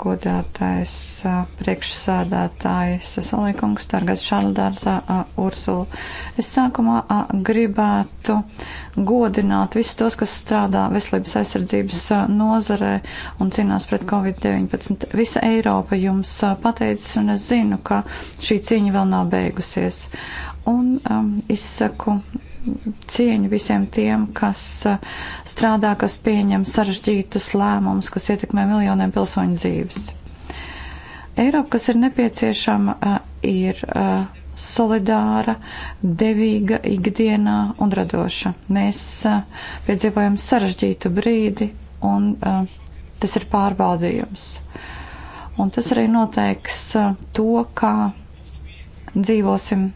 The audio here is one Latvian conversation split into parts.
godātais priekšsādātājs Solīkungs, Targas Šaldārs Ursula. Es sākumā gribētu godināt visus tos, kas strādā veselības aizsardzības nozarē un cīnās pret Covid-19. Visa Eiropa jums pateicis, un es zinu, ka šī cīņa vēl nav beigusies. Un um, izsaku cieņu visiem tiem, kas uh, strādā, kas pieņem sarežģītus lēmumus, kas ietekmē miljoniem pilsoņu dzīves. Eiropa, kas ir nepieciešama, uh, ir uh, solidāra, devīga ikdienā un radoša. Mēs piedzīvojam sarežģītu brīdi, un tas ir pārbaudījums. Un tas arī noteiks to, kā dzīvosim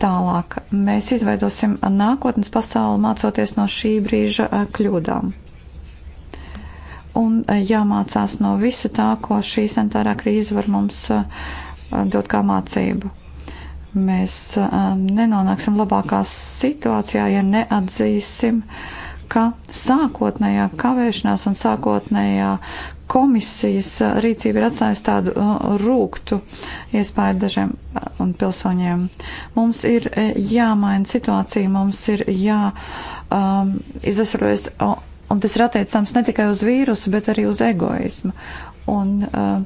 Tālāk mēs izveidosim nākotnes pasauli mācoties no šī brīža eh, kļūdām. Un eh, jāmācās no visa tā, ko šī sanitārā krīze var mums eh, dot kā mācību. Mēs nenonāksim labākā situācijā, ja neatzīsim, ka sākotnējā kavēšanās un sākotnējā komisijas uh, rīcība ir atstājusi tādu uh, rūktu iespēju dažiem uh, un pilsoņiem. Mums ir jāmaina situācija, mums ir jā um, izvesaļojas, un tas ir attiecams ne tikai uz vīrusu, bet arī uz egoismu. Un uh,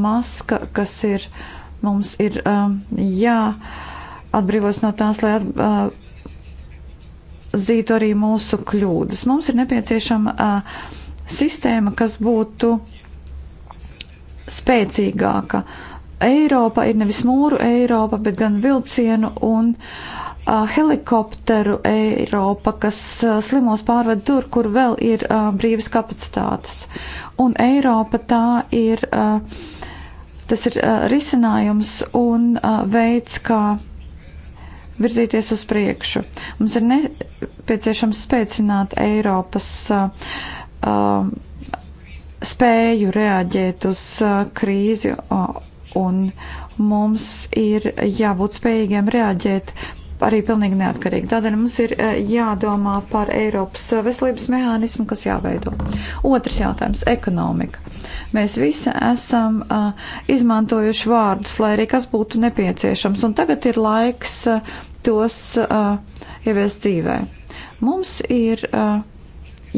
maska, kas ir, mums ir um, jā atbrīvos no tās, lai at, uh, zītu arī mūsu kļūdas. Mums ir nepieciešama uh, sistēma, kas būtu spēcīgāka. Eiropa ir nevis mūru Eiropa, bet gan vilcienu un uh, helikopteru Eiropa, kas uh, slimos pārved tur, kur vēl ir uh, brīvas kapacitātes. Un Eiropa tā ir, uh, tas ir uh, risinājums un uh, veids, kā virzīties uz priekšu. Mums ir nepieciešams spēcināt Eiropas um, spēju reaģēt uz uh, krīzi uh, un mums ir jābūt spējīgiem reaģēt arī pilnīgi neatkarīgi. Tādēļ mums ir uh, jādomā par Eiropas veselības mehānismu, kas jāveido. Otrs jautājums - ekonomika. Mēs visi esam uh, izmantojuši vārdus, lai arī kas būtu nepieciešams, un tagad ir laiks uh, tos uh, ieviest dzīvē. Mums ir uh,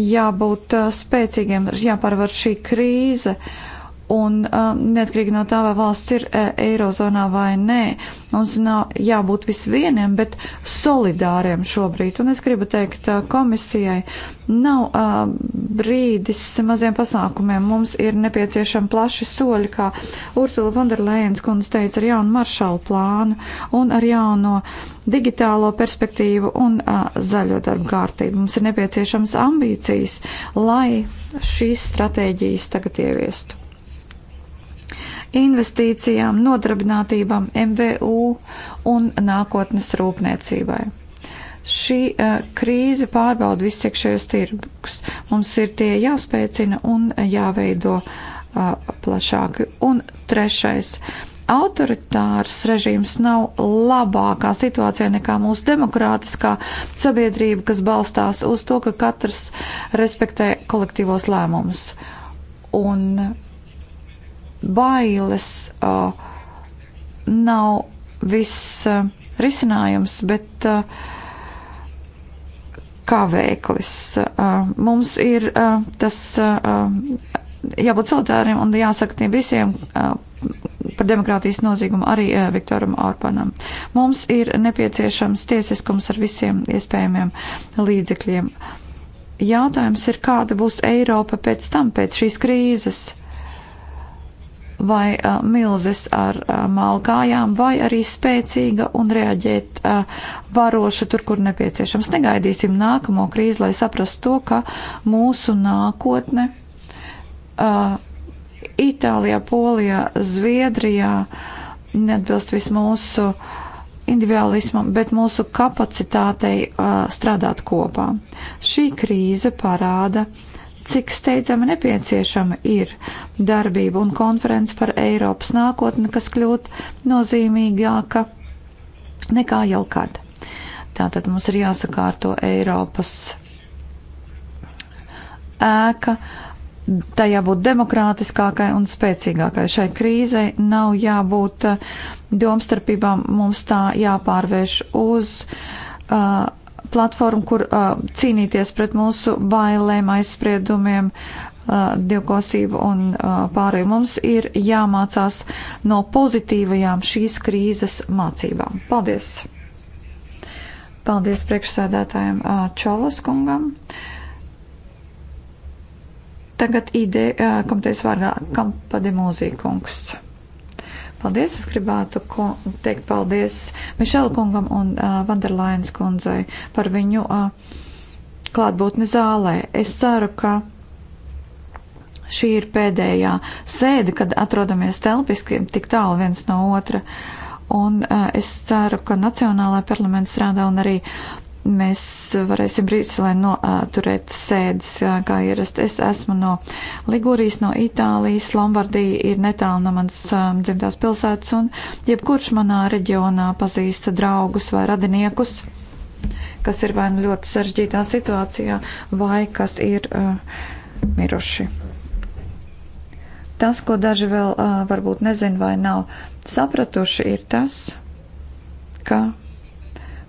jābūt eh, spēcīgiem, jāpārvar šī krīze. Uh, Un um, neatkarīgi no tā, vai valsts ir e, eirozonā vai nē, mums nav jābūt visvieniem, bet solidāriem šobrīd. Un es gribu teikt, uh, komisijai nav uh, brīdis maziem pasākumiem. Mums ir nepieciešami plaši soļi, kā Ursula Vonderlējens kundze teica, ar jaunu maršalu plānu un ar jauno digitālo perspektīvu un uh, zaļo darbu kārtību. Mums ir nepieciešams ambīcijas, lai šīs stratēģijas tagad ieviestu investīcijām, nodarbinātībām, MVU un nākotnes rūpniecībai. Šī uh, krīze pārbauda visus iekšējos tirgus. Mums ir tie jāspēcina un jāveido uh, eh, plašāk. Un trešais autoritārs režīms nav labākā situācija nekā mūsu demokrātiskā sabiedrība, kas balstās uz to, ka katrs respektē kolektīvos lēmumus. Un bailes uh, nav viss uh, risinājums, bet uh, kā veiklis. Uh, mums ir uh, tas uh, jābūt solidāriem un jāsaka tiem visiem. Uh, par demokrātijas nozīgumu arī uh, Viktoram Orpanam. Mums ir nepieciešams tiesiskums ar visiem iespējamiem līdzekļiem. Jautājums ir, kāda būs Eiropa pēc tam, pēc šīs krīzes vai uh, milzis ar uh, malkājām, vai arī spēcīga un reaģēt uh, varoša tur, kur nepieciešams. Negaidīsim nākamo krīzi, lai saprastu to, ka mūsu nākotne uh, Itālijā, Polijā, Zviedrijā neatbilst visu mūsu individualismam, bet mūsu kapacitātei uh, strādāt kopā. Šī krīze parāda, uh, cik steidzami nepieciešama ir darbība un konference par Eiropas nākotni, kas kļūt nozīmīgāka nekā jau kad. Tātad mums ir jāsakārto Eiropas ēka, tā jābūt demokrātiskākai un spēcīgākai. Šai krīzei nav jābūt eh, domstarpībām, mums tā jāpārvērš uz uh, platformu, kur uh, cīnīties pret mūsu bailēm, aizspriedumiem, uh, divkosību un uh, pārēju. Mums ir jāmācās no pozitīvajām šīs krīzes mācībām. Paldies! Paldies priekšsēdētājiem uh, Čolas kungam. Tagad ideja uh, komitejas vārdā Kampadi Mūzīkungs. kungs. Paldies! Es gribētu teikt paldies Mišela kungam un uh, Vanderlainas kundzei par viņu uh, klātbūtni zālē. Es ceru, ka šī ir pēdējā sēde, kad atrodamies telpiski tik tālu viens no otra. Un uh, es ceru, ka Nacionālajā parlamentā strādā un arī mēs varēsim Brīselē noturēt sēdes, kā ierast. Es esmu no Ligūrijas, no Itālijas, Lombardija ir netālu no manas dzimtās pilsētas, un jebkurš manā reģionā pazīsta draugus vai radiniekus, kas ir vai nu ļoti sarežģītā situācijā, vai kas ir uh, miruši. Tas, ko daži vēl uh, varbūt nezin vai nav sapratuši, ir tas, ka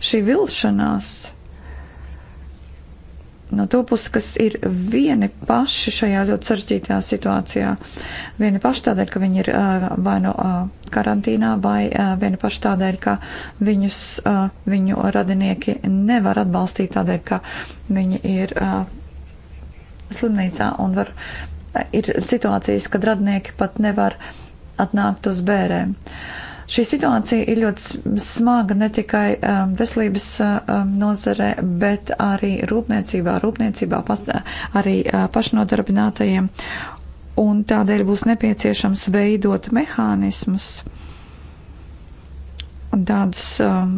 šī vilšanās no to puses, kas ir vieni paši šajā ļoti sarežģītajā situācijā. Vieni paši tādēļ, ka viņi ir uh, vai no nu, uh, karantīnā, vai uh, vieni paši tādēļ, ka viņus, uh, viņu radinieki nevar atbalstīt tādēļ, ka viņi ir uh, slimnīcā un var, uh, ir situācijas, kad radinieki pat nevar atnākt uz bērēm. Uh, Šī situācija ir ļoti smaga ne tikai um, veselības uh, um, nozare, bet arī rūpniecībā, rūpniecībā arī uh, pašnodarbinātajiem. Un tādēļ būs nepieciešams veidot mehānismus un tādus um,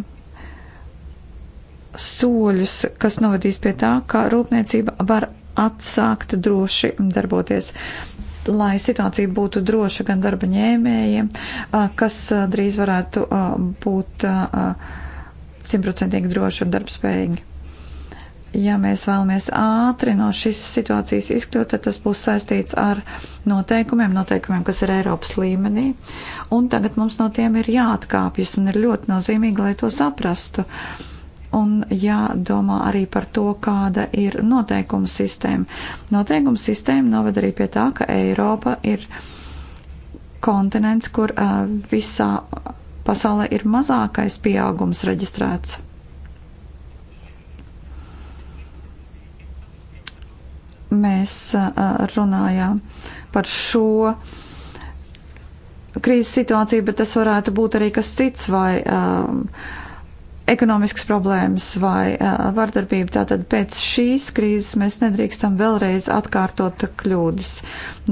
soļus, kas novadīs pie tā, ka rūpniecība var atsākt droši darboties lai situācija būtu droša gan darba ņēmējiem, kas drīz varētu būt simtprocentīgi droši un darbspējīgi. Ja mēs vēlamies ātri no šīs situācijas izkļūt, tad tas būs saistīts ar noteikumiem, noteikumiem, kas ir Eiropas līmenī. Un tagad mums no tiem ir jāatkāpjas un ir ļoti nozīmīgi, lai to saprastu. Uh, un jādomā arī par to, kāda ir noteikuma sistēma. Noteikuma sistēma noved arī pie tā, ka Eiropa ir kontinents, kur uh, visā pasaulē ir mazākais pieaugums reģistrēts. Mēs uh, runājām par šo krīzes situāciju, bet tas varētu būt arī kas cits vai uh, ekonomiskas problēmas vai uh, vardarbība. Tātad pēc šīs krīzes mēs nedrīkstam vēlreiz atkārtot kļūdas.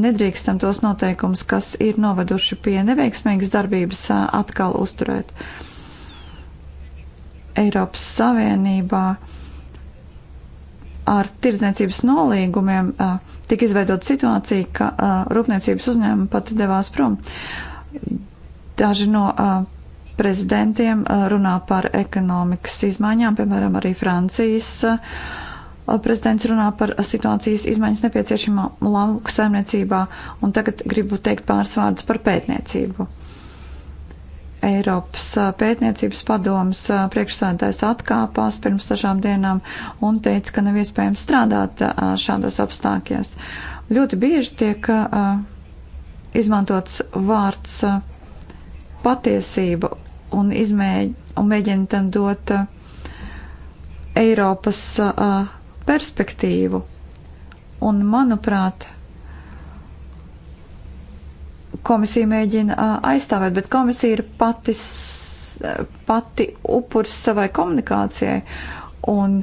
Nedrīkstam tos noteikumus, kas ir noveduši pie neveiksmīgas darbības, uh, atkal uzturēt. Eiropas Savienībā ar tirdzniecības nolīgumiem uh, tika izveidota situācija, ka uh, rūpniecības uzņēmumi pat devās prom. Daži no uh, prezidentiem eh, runā par ekonomikas izmaiņām, piemēram, arī Francijas eh, prezidents runā par situācijas izmaiņas nepieciešamā lauku saimniecībā, un tagad gribu teikt pāris vārdus par pētniecību. Eiropas eh, pētniecības padomas priekšsēdētājs atkāpās pirms dažām dienām un teica, ka nav iespējams strādāt šādos apstākļos. Ļoti bieži tiek izmantots vārds patiesība un, izmēģ, un mēģina tam dot uh, Eiropas uh, perspektīvu. Un, manuprāt, komisija mēģina uh, aizstāvēt, bet komisija ir pati, pati upurs savai komunikācijai. Un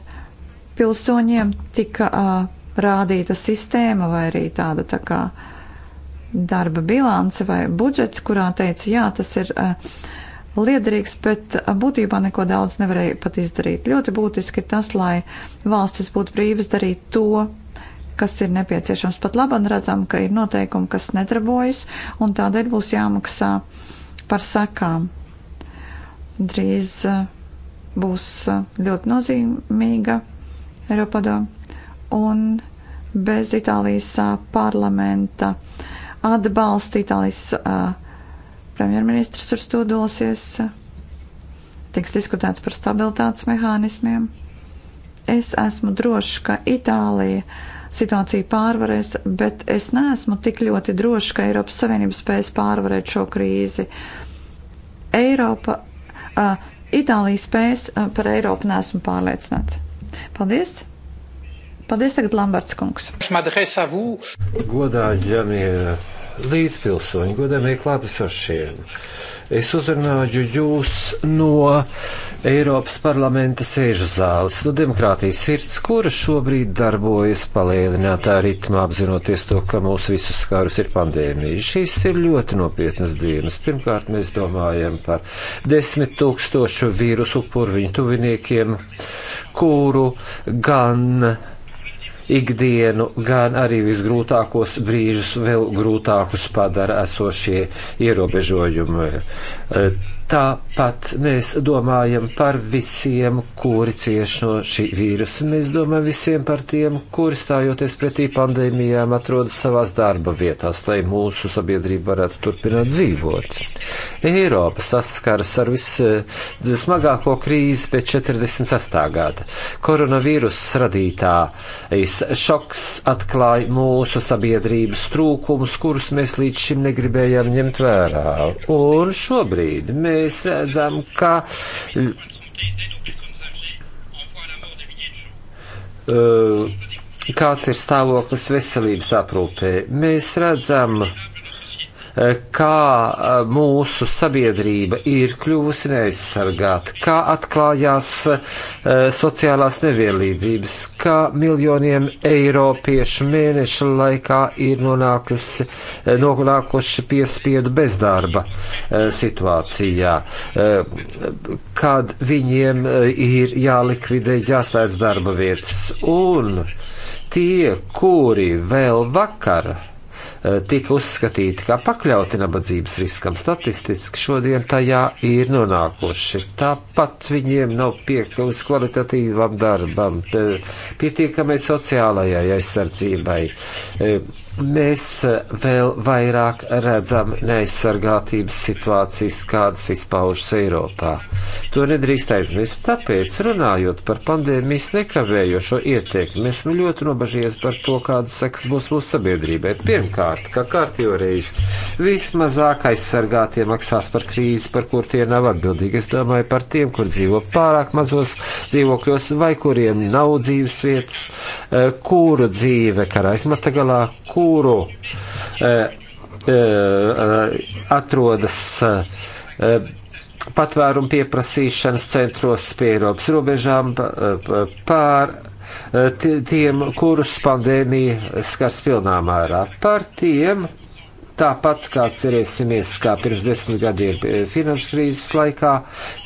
pilsoņiem tika uh, rādīta sistēma vai arī tāda tā kā darba bilance vai budžets, kurā teica, jā, tas ir. Uh, liederīgs, bet būtībā neko daudz nevarēja pat izdarīt. Ļoti būtiski ir tas, lai valstis būtu brīvas darīt to, kas ir nepieciešams. Pat labam redzam, ka ir noteikumi, kas nedarbojas, un tādēļ būs jāmaksā par sekām. Drīz eh, būs eh, ļoti nozīmīga Eiropada un bez Itālijas eh, parlamenta atbalsta Itālijas uh, Premjerministrs tur stūdolsies, tiks diskutēts par stabilitātes mehānismiem. Es esmu drošs, ka Itālija situāciju pārvarēs, bet es neesmu tik ļoti drošs, ka Eiropas Savienība spēs pārvarēt šo krīzi. Eiropa, uh, Itālija spēs, uh, par Eiropu neesmu pārliecināts. Paldies! Paldies tagad Lamberts kungs. Godājamie ja līdzpilsoņi, godamie klātesošie. Es uzrunāju jūs no Eiropas parlamenta sēžu zāles, no demokrātijas sirds, kura šobrīd darbojas palielinātā ritmā, apzinoties to, ka mūs visus skārus ir pandēmija. Šīs ir ļoti nopietnas dienas. Pirmkārt, mēs domājam par desmit tūkstošu vīrusu upuru viņu tuviniekiem, kuru gan ikdienu, gan arī visgrūtākos brīžus vēl grūtākus padara esošie ierobežojumi. Tāpat mēs domājam par visiem, kuri cieš no šī vīrusa. Mēs domājam visiem par tiem, kuri stājoties pretī pandēmijām atrodas savās darba vietās, lai mūsu sabiedrība varētu turpināt dzīvot. Eiropa saskaras ar vissmagāko krīzi pēc 48. gada. Koronavīrus radītājs šoks atklāja mūsu sabiedrības trūkumus, kurus mēs līdz šim negribējām ņemt vērā. Un šobrīd mēs mēs redzam, ka. Uh, kāds ir stāvoklis veselības aprūpē? Mēs redzam, uh, kā e, mūsu sabiedrība ir kļuvusi neaizsargāta, kā atklājās e, sociālās nevienlīdzības, kā miljoniem eiropiešu mēnešu laikā ir e, nonākuši piespiedu bezdarba situācijā, kad viņiem ir jālikvidē, jāslēdz darba vietas. Un tie, kuri vēl vakar Eh, tika uzskatīti kā pakļauti nabadzības riskam. Statistiski šodien tajā ir nonākuši. Tāpat viņiem nav piekļuvis kvalitatīvam darbam, eh, pietiekamai sociālajai aizsardzībai eh, mēs eh, vēl vairāk redzam neaizsargātības situācijas, kādas izpaužas Eiropā. To nedrīkst aizmirst, tāpēc runājot par pandēmijas nekavējošo ietekmi, esmu ļoti nobažījies par to, kādas sekas būs mūsu sabiedrībai. Pirmkārt, kā kārtīgi reiz, vismazāk aizsargātie maksās par krīzi, par kur tie nav atbildīgi. Es domāju par tiem, kur dzīvo pārāk mazos dzīvokļos vai kuriem nav dzīves vietas, eh, kuru dzīve karā aizmata galā, kur kuru e, e, atrodas e, patvērumu pieprasīšanas centros pie Eiropas robežām pār tiem, kurus pandēmija skars pilnā mērā. Par tiem, Tāpat kā cerēsimies, kā pirms desmit gadiem eh, finanšu krīzes laikā,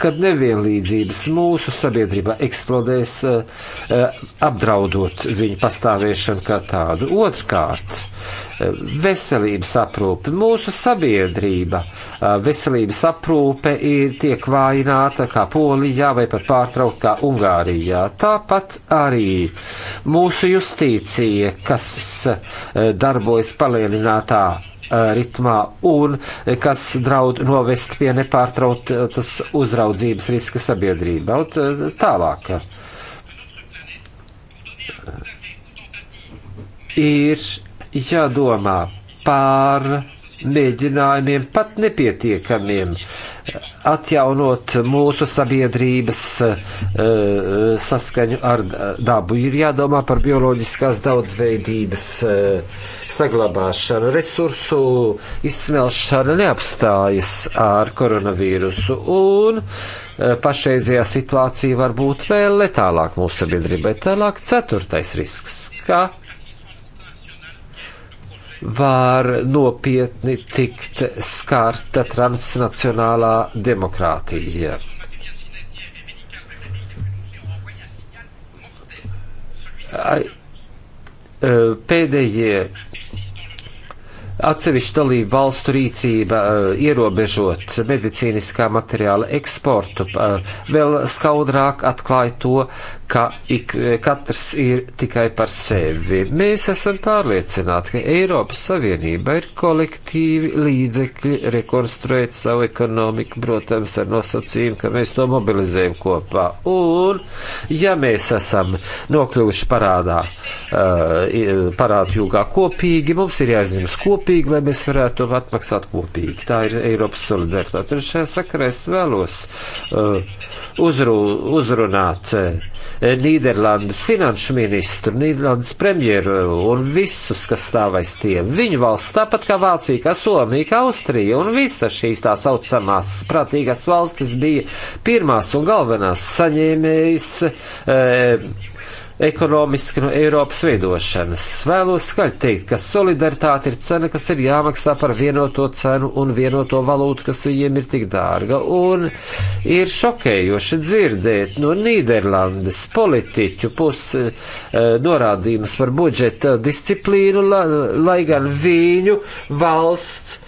kad nevienlīdzības mūsu sabiedrībā eksplodēs, eh, eh, apdraudot viņu pastāvēšanu kā tādu. Otrkārt, veselības aprūpe, mūsu sabiedrība, veselības aprūpe ir tiek vājināta kā Polijā vai pat pārtraukt kā Ungārijā. Tāpat arī mūsu justīcija, kas darbojas palielinātā ritmā un kas draud novest pie nepārtrautas uzraudzības riska sabiedrībā un tālāk. Ir jādomā pār mēģinājumiem, pat nepietiekamiem, uh, atjaunot mūsu sabiedrības eh, eh, saskaņu ar dabu. Ir jādomā par bioloģiskās daudzveidības eh, saglabāšanu. Resursu izsmelšana neapstājas ar koronavīrusu, un pašreizajā situācija var būt vēl letālāk mūsu sabiedrībai. Tālāk ceturtais risks, ka var nopietni tikt skarta transnacionālā demokrātija. E, pēdējie atsevišķu dalību valstu rīcība e, ierobežot medicīniskā materiāla eksportu e, vēl skaudrāk atklāja to, ka ik, katrs ir tikai par sevi. Mēs esam pārliecināti, ka Eiropas Savienība ir kolektīvi līdzekļi rekonstruēt savu ekonomiku, protams, ar nosacījumu, ka mēs to mobilizējam kopā. Un, ja mēs esam nokļuvuši parādā, uh, parādu jūgā kopīgi, mums ir jāizņemas kopīgi, lai mēs varētu to atmaksāt kopīgi. Tā ir Eiropas solidaritāte. Un šajā sakarā es vēlos uh, uzru, uzrunāt. Uh, Eh, Nīderlandes finanšu ministru, Nīderlandes premjeru un visus, kas stāv aiz tiem. Viņu valsts, tāpat kā Vācija, kā Somija, kā Austrija un visas šīs tā saucamās prātīgās valstis bija pirmās un galvenās saņēmējas. E, ekonomiski no Eiropas veidošanas. Vēlos skaļi teikt, ka solidaritāte ir cena, kas ir jāmaksā par vienoto cenu un vienoto valūtu, kas viņiem ir tik dārga. Un ir šokējoši dzirdēt no Nīderlandes politiķu puses eh, norādījumus par budžeta disciplīnu, lai, lai gan viņu valsts eh,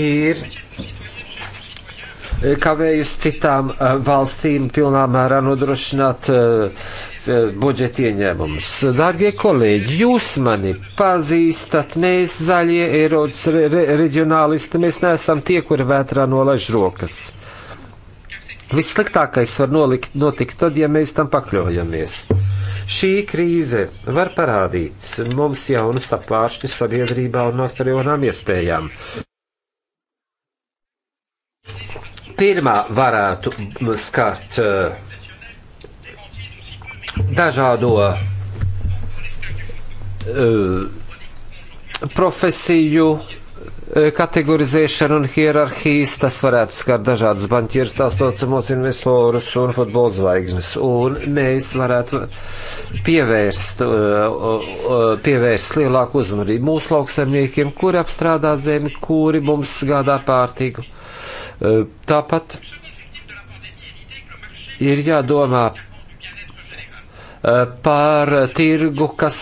ir eh, kavējusi citām valstīm pilnā mērā nodrošināt uh, Eh, budžeta ieņēmumus. Dārgie kolēģi, jūs mani pazīstat, mēs zaļie Eiropas re reģionālisti, mēs neesam tie, kuri vētrā nolaiž rokas. Vissliktākais var nolikt, notikt tad, ja mēs tam pakļaujamies. Šī krīze var parādīt mums jaunu saplāšņu sabiedrībā un ar jaunām iespējām. Pirmā varētu skart uh, dažādo uh, profesiju e, kategorizēšanu un hierarhijas, tas varētu skart dažādus banķierus, tās saucamos investorus un futbola zvaigznes. Un mēs varētu pievērst, e, pievērst lielāku uzmanību mūsu lauksaimniekiem, kuri apstrādā zemi, kuri mums gādā pārtīgu. Tāpat ir jādomā Eh, par tirgu, kas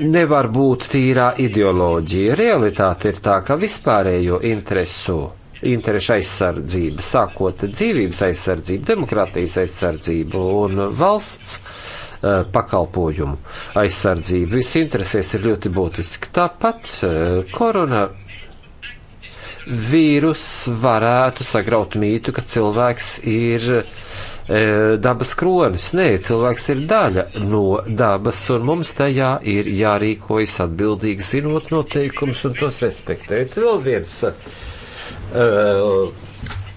nevar būt tīrā ideoloģija. Realitāte ir tā, ka vispārējo interesu interešu aizsardzība, sākot dzīvības aizsardzību, demokrātijas aizsardzību un valsts uh, pakalpojumu aizsardzību. Visi interesēs ir ļoti būtiski. Tāpat uh, korona vīrus varētu sagraut mītu, ka cilvēks ir e, dabas kronis. Nē, cilvēks ir daļa no dabas, un mums tajā ir jārīkojas atbildīgi, zinot noteikumus un tos respektēt. Vēl viens e,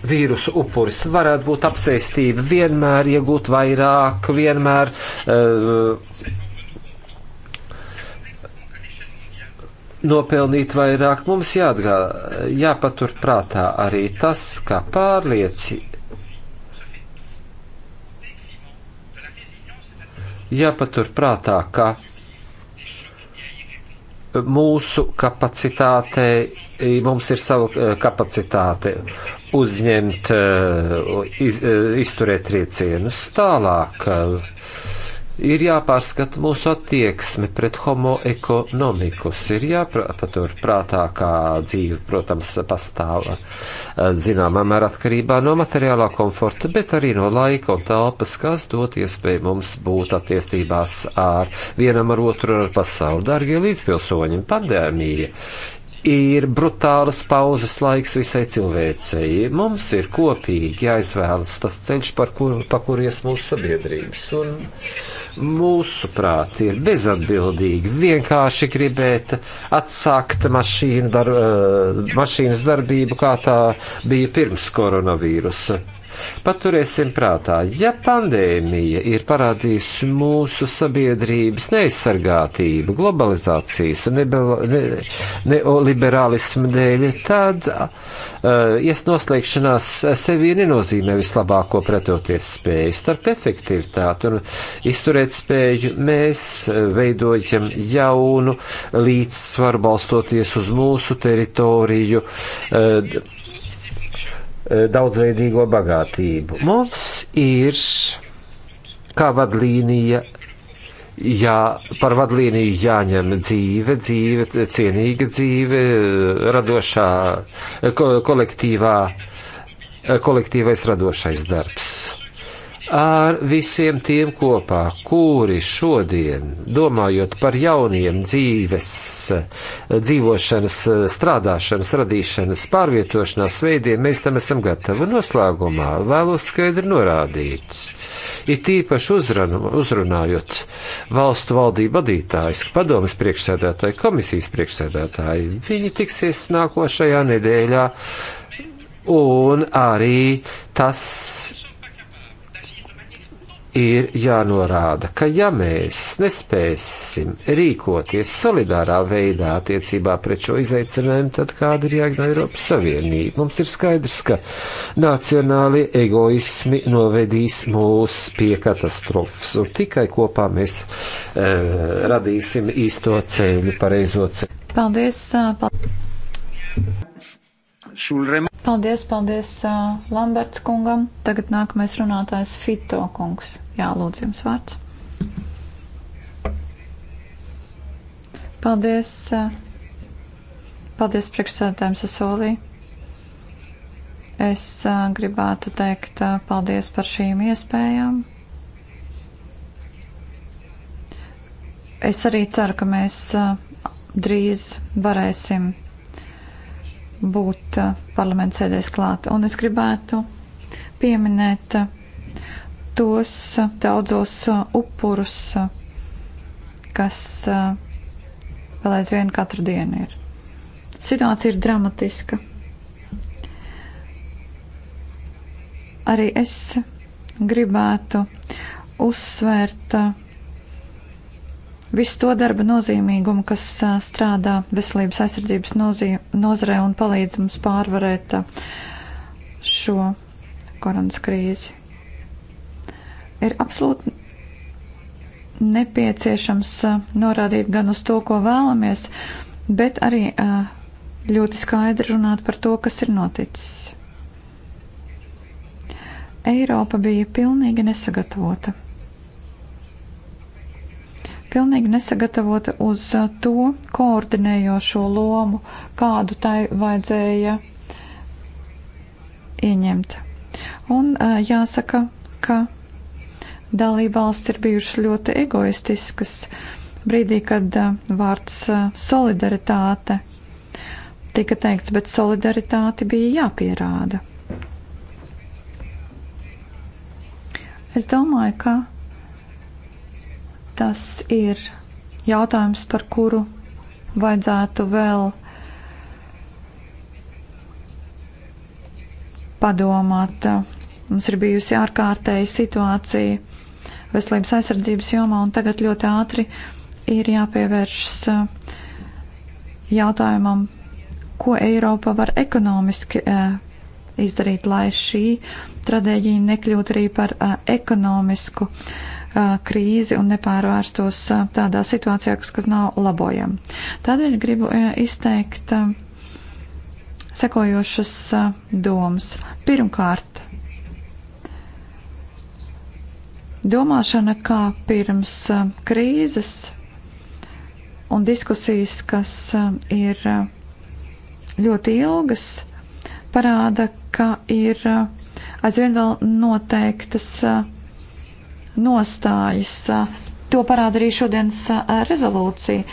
vīrusu upuris varētu būt apsēstība, vienmēr iegūt vairāk, vienmēr. E, nopelnīt vairāk, mums jāatgā, jāpatur prātā arī tas, ka pārlieci. Jāpatur prātā, ka mūsu kapacitāte, mums ir sava eh, kapacitāte uzņemt, eh, iz, eh, izturēt triecienus tālāk Ir jāpārskata mūsu attieksme pret homo ekonomikus. Ir jāpatur prātā, kā dzīve, protams, pastāv eh, zināmā mērā atkarībā no materiālā komforta, bet arī no laika un telpas, kas dot iespēju mums būt attiecībās ar vienam ar otru un ar pasauli. Dargie līdzpilsoņi, pandēmija ir brutālas pauzes laiks visai cilvēcei. Mums ir kopīgi jāizvēlas tas ceļš, par kur, pa kur ies mūsu sabiedrības. Un mūsu prāti ir bezatbildīgi vienkārši gribēt atsākt mašīnu dar, eh, mašīnas darbību, kā tā bija pirms koronavīrusa. Paturēsim prātā, ja pandēmija ir parādījusi mūsu sabiedrības neaizsargātību, globalizācijas un ne, neoliberālismu dēļ, tad uh, iesnoslēgšanās sevī nenozīmē vislabāko pretoties spēju. Starp efektivitāti un izturēt spēju mēs uh, veidojam jaunu līdzsvaru balstoties uz mūsu teritoriju. Uh, Eh, daudzveidīgo bagātību. Mums ir kā vadlīnija Jā, par vadlīniju jāņem dzīve, dzīve, cienīga dzīve, eh, radošā, eh, ko, kolektīvā, kolektīvais radošais darbs ar visiem tiem kopā, kuri šodien, domājot par jauniem dzīves, dzīvošanas, strādāšanas, radīšanas, pārvietošanās veidiem, mēs tam esam gatavi. Noslēgumā vēlos skaidri norādīt, ir tīpaši uzranu, uzrunājot valstu valdību vadītājs, padomas priekšsēdētāji, komisijas priekšsēdētāji, viņi tiksies nākošajā nedēļā, un arī tas ir jānorāda, ka ja mēs nespēsim rīkoties solidārā veidā attiecībā pret šo izaicinājumu, tad kāda ir jāgna Eiropas Savienība? Mums ir skaidrs, ka nacionālie egoismi novedīs mūs pie katastrofas, un tikai kopā mēs e, radīsim īsto ceļu, pareizo ceļu. Paldies! Eh, paldies. Paldies, paldies uh, Lamberts kungam. Tagad nākamais runātājs Fito kungs. Jā, lūdzu jums vārds. Paldies, uh, paldies priekšsēdētājiem Sasolī. Es uh, gribētu teikt uh, paldies par šīm iespējām. Es arī ceru, ka mēs uh, drīz varēsim būt eh, parlaments sēdēs klāt. Un es gribētu pieminēt eh, tos eh, daudzos upurus, kas vēl aizvien katru dienu ir. Situācija ir dramatiska. Arī es gribētu uzsvērt uh, visu to darba nozīmīgumu, kas strādā veselības aizsardzības nozarē un palīdz mums pārvarēt šo koronas krīzi. Ir absolūti nepieciešams norādīt gan uz to, ko vēlamies, bet arī ļoti skaidri runāt par to, kas ir noticis. Eiropa bija pilnīgi nesagatavota pilnīgi nesagatavota uz uh, to koordinējošo lomu, kādu tai vajadzēja ieņemt. Un uh, jāsaka, ka dalībvalsts ir bijušas ļoti egoistiskas brīdī, kad uh, vārds solidaritāte tika teikts, bet solidaritāti bija jāpierāda. Es domāju, ka Tas ir jautājums, par kuru vajadzētu vēl padomāt. Mums ir bijusi ārkārtēja situācija veselības aizsardzības jomā, un tagad ļoti ātri ir jāpievēršas uh, jautājumam, ko Eiropa var ekonomiski uh, izdarīt, lai šī traģēdija nekļūtu arī par uh, ekonomisku krīzi un nepārvērstos tādā situācijā, kas, kas nav labojama. Tādēļ gribu izteikt sekojošas domas. Pirmkārt, domāšana kā pirms krīzes un diskusijas, kas ir ļoti ilgas, parāda, ka ir aizvien vēl noteiktas uh, nostājas. To parāda arī šodienas rezolūcija,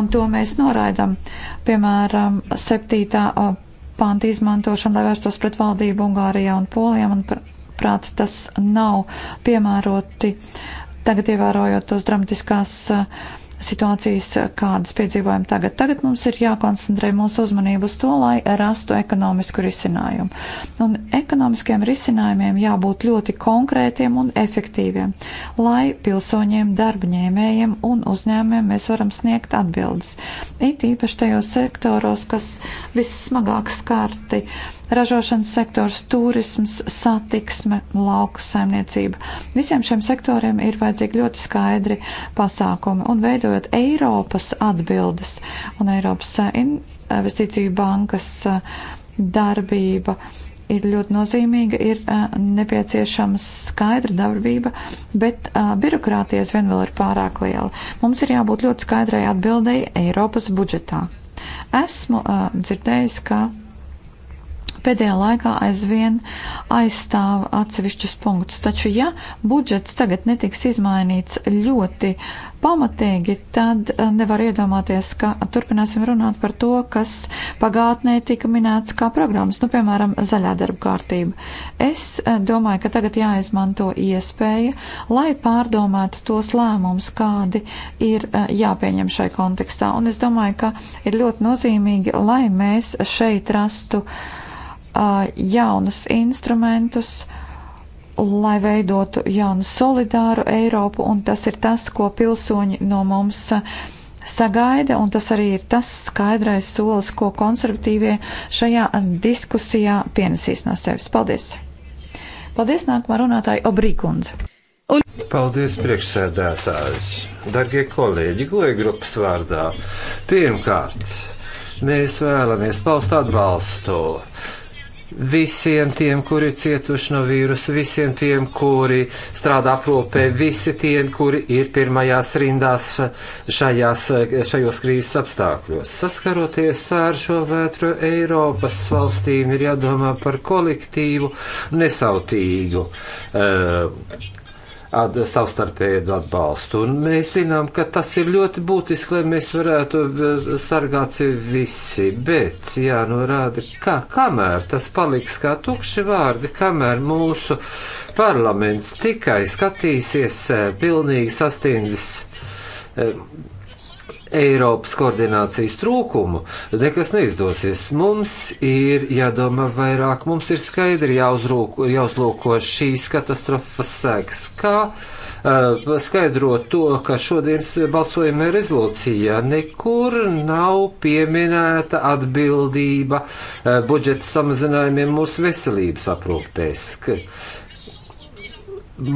un to mēs noraidam. Piemēram, 7. panta izmantošana, lai vērstos pret valdību Ungārijā un Polijā, un prāt, tas nav piemēroti tagad ievērojot tos dramatiskās uh, situācijas, eh, kādas piedzīvojam tagad. Tagad mums ir jākoncentrē mūsu uzmanību uz to, lai rastu ekonomisku risinājumu. Un ekonomiskiem risinājumiem jābūt ļoti konkrētiem un efektīviem, lai pilsoņiem, darbņēmējiem un uzņēmiem mēs varam sniegt atbildes. It īpaši tajos sektoros, kas vissmagāk skarti. Uh, ražošanas sektors, turisms, satiksme, lauka saimniecība. Visiem šiem sektoriem ir vajadzīgi ļoti skaidri pasākumi un veidojot Eiropas atbildes un Eiropas eh, eh, investīciju bankas eh, darbība ir ļoti nozīmīga, ir uh, nepieciešama skaidra darbība, bet uh, birokrātijas vien vēl ir pārāk liela. Mums ir jābūt ļoti skaidrai atbildēji Eiropas budžetā. Esmu uh, dzirdējis, ka pēdējā laikā aizvien aizstāv atsevišķus punktus. Taču, ja budžets tagad netiks izmainīts ļoti pamatīgi, tad eh, nevar iedomāties, ka turpināsim runāt par to, kas pagātnē tika minēts kā programmas, nu, piemēram, zaļā darba kārtība. Es eh, domāju, ka tagad jāizmanto iespēja, lai pārdomātu tos lēmumus, kādi ir eh, jāpieņem šai kontekstā. Un es domāju, ka ir ļoti nozīmīgi, lai mēs šeit rastu uh, jaunus instrumentus, lai veidotu jaunu solidāru Eiropu, un tas ir tas, ko pilsoņi no mums sagaida, un tas arī ir tas skaidrais solis, ko konservatīvie šajā diskusijā pienesīs no sevis. Paldies! Paldies nākamā runātāja Obrīkundze! Un... Paldies, priekšsēdētājs! Darbie kolēģi, gulēju e grupas vārdā. Pirmkārt, mēs vēlamies paust atbalstu visiem tiem, kuri cietuši no vīrusa, visiem tiem, kuri strādā aprūpē, visi tiem, kuri ir pirmajās rindās šajās, šajos krīzes apstākļos. Saskaroties ar šo vētru, Eiropas valstīm ir jādomā par kolektīvu, nesautīgu. Uh, ad, savstarpēju atbalstu. Un mēs zinām, ka tas ir ļoti būtiski, lai mēs varētu eh, sargāt sevi visi. Bet jānorāda, nu, ka kamēr tas paliks kā tukši vārdi, kamēr mūsu parlaments tikai skatīsies eh, pilnīgi sastindzis eh, Eiropas koordinācijas trūkumu, nekas neizdosies. Mums ir jādomā vairāk, mums ir skaidri jāuzrūko, jāuzlūko šīs katastrofas sēks, kā uh, skaidrot to, ka šodienas balsojuma rezolūcijā nekur nav pieminēta atbildība uh, budžeta samazinājumiem mūsu veselības aprūpēs.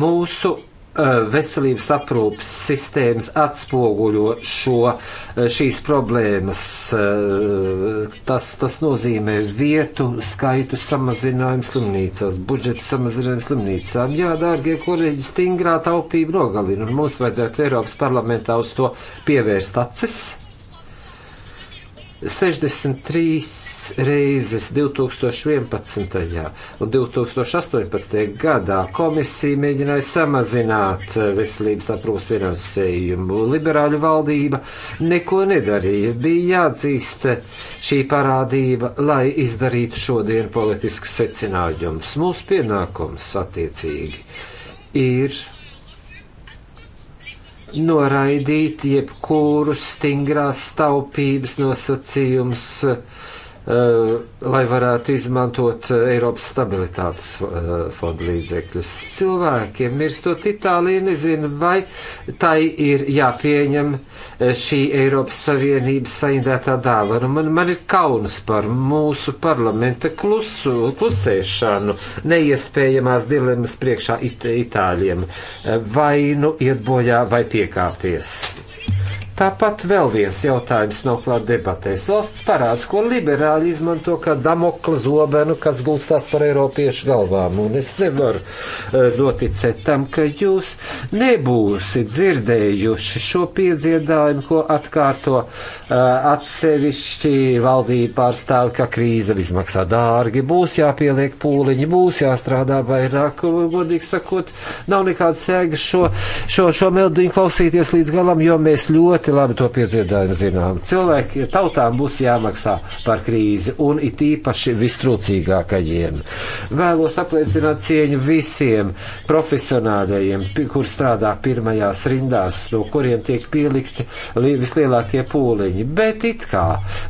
Mūsu Uh, veselības aprūpas sistēmas atspoguļo šo, uh, šīs problēmas. Uh, tas, tas nozīmē vietu skaitu samazinājumu slimnīcās, budžeta samazinājumu slimnīcām. Jā, dārgie kolēģi, stingrā taupība nogalina, un mums vajadzētu Eiropas parlamentā uz to pievērst acis 63 reizes 2011. un 2018. gadā komisija mēģināja samazināt veselības aprūpas finansējumu. Liberāļu valdība neko nedarīja. Bija jāatzīst šī parādība, lai izdarītu šodien politiskus secinājumus. Mūsu pienākums attiecīgi ir noraidīt jebkurus stingrās staupības nosacījums. Uh, Eh, lai varētu izmantot eh, Eiropas stabilitātes eh, fonda līdzekļus. Cilvēkiem mirstot Itālija nezina, vai tai ir jāpieņem šī Eiropas Savienības saindētā dāvana. Man, man ir kauns par mūsu parlamenta klusu, klusēšanu neiespējamās dilemmas priekšā it, Itāļiem. Vai nu iet bojā, vai piekāpties. Tāpat vēl viens jautājums nav klāt debatēs. Valsts parāds, ko liberāļi izmanto kā damokla zobenu, kas gulstās par eiropiešu galvām. Un es nevaru eh, noticēt tam, ka jūs nebūsiet dzirdējuši šo piedziedājumu, ko atkārto eh, atsevišķi valdību pārstāvi, ka krīze vismaksā dārgi, būs jāpieliek pūliņi, būs jāstrādā vairāk. Godīgi sakot, nav nekāda sēga šo, šo, šo meldiņu klausīties līdz galam, jo mēs ļoti ļoti labi to piedzīvojam, zinām. Cilvēki, tautām būs jāmaksā par krīzi, un it īpaši vistrūcīgākajiem. Vēlos apliecināt cieņu visiem profesionāļiem, kur strādā pirmajās rindās, no kuriem tiek pielikti vislielākie pūliņi. Bet it kā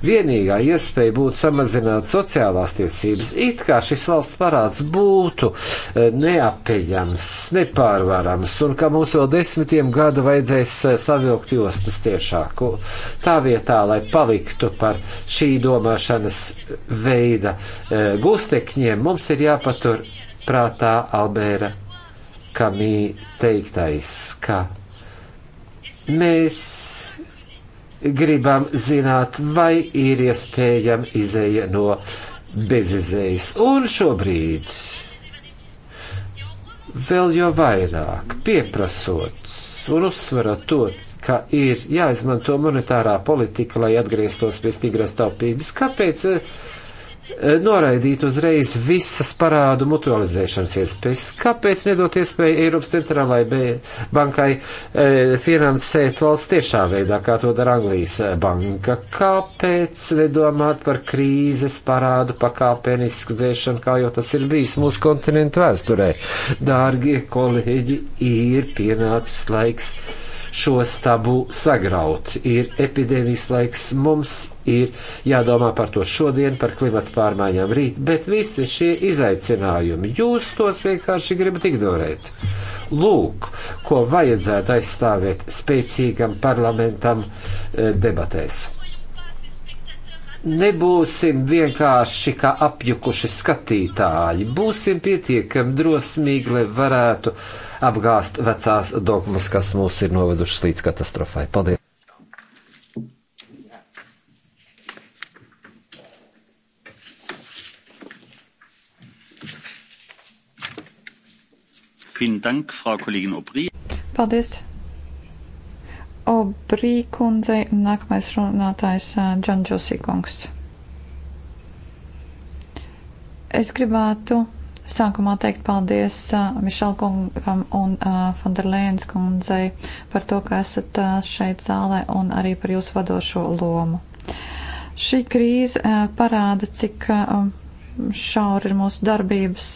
vienīgā iespēja būtu samazināt sociālās tiesības, it kā šis valsts parāds būtu eh, neapējams, nepārvarams, un ka mums vēl desmitiem gadu vajadzēs eh, savilkt jostas ciešāk. Tā vietā, lai paliktu par šī domāšanas veida e, gustekņiem, mums ir jāpatur prātā Albēra Kamī teiktais, ka mēs gribam zināt, vai ir iespējama izēja no bezizējas. Un šobrīd vēl jo vairāk pieprasot un uzsverot to, ka ir jāizmanto monetārā politika, lai atgrieztos pie stingras taupības. Kāpēc eh, noraidīt uzreiz visas parādu mutualizēšanas iespējas? Kāpēc nedot iespēju Eiropas centrālajai bankai eh, finansēt valsts tiešā veidā, kā to dara Anglijas eh, banka? Kāpēc nedomāt par krīzes parādu pakāpenisku dzēšanu, kā jau tas ir bijis mūsu kontinentu vēsturē? Dārgie kolēģi, ir pienācis laiks šos tabu sagraut. Ir epidēmijas laiks, mums ir jādomā par to šodien, par klimatu pārmaiņām rīt, bet visi šie izaicinājumi, jūs tos vienkārši gribat ignorēt. Lūk, ko vajadzētu aizstāvēt spēcīgam parlamentam eh, debatēs nebūsim vienkārši kā apjukuši skatītāji, būsim pietiekami drosmīgi, lai varētu uh, apgāst vecās dogmas, kas mūs ir novedušas līdz katastrofai. Paldies! Dank, Frau Paldies! Obrī kundzei nākamais runātājs Džanģosī kungs. Es gribētu Sākumā teikt paldies uh, Mišel kungam un uh, Fonderlēns kundzei par to, ka esat uh, šeit zālē un arī par jūsu vadošo lomu. Šī krīze uh, parāda, cik uh, šauri ir mūsu darbības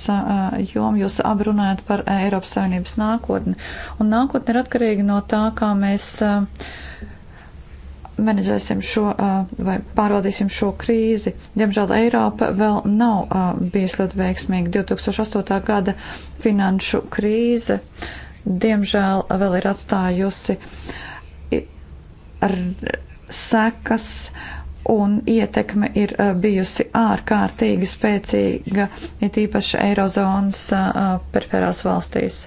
joma. Jūs abrunājat par Eiropas Savienības nākotni. Un nākotne ir atkarīga no tā, kā mēs uh, menedžēsim šo vai pārvaldīsim šo krīzi. Diemžēl Eiropa vēl nav bijusi ļoti veiksmīga. 2008. gada finanšu krīze diemžēl vēl ir atstājusi sekas un ietekme ir bijusi ārkārtīgi spēcīga, it īpaši Eirozonas periferās valstīs.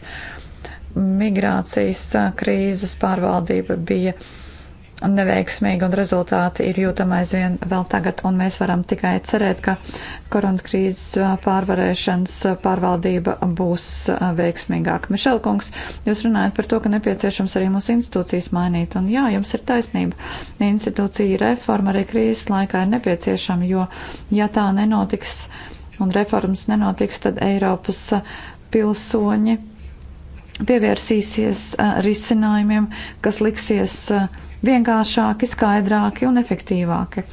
Migrācijas krīzes pārvaldība bija uh, neveiksmīga un rezultāti ir jūtama aizvien vēl tagad, un mēs varam tikai cerēt, ka koronas krīzes pārvarēšanas pārvaldība būs veiksmīgāka. Mišel kungs, jūs runājat par to, ka nepieciešams arī mūsu institūcijas mainīt, un jā, jums ir taisnība. Institūcija reforma arī krīzes laikā ir nepieciešama, jo ja tā nenotiks un reformas nenotiks, tad Eiropas pilsoņi pievērsīsies risinājumiem, kas liksies uh, vienkāršāki, skaidrāki un efektīvāki.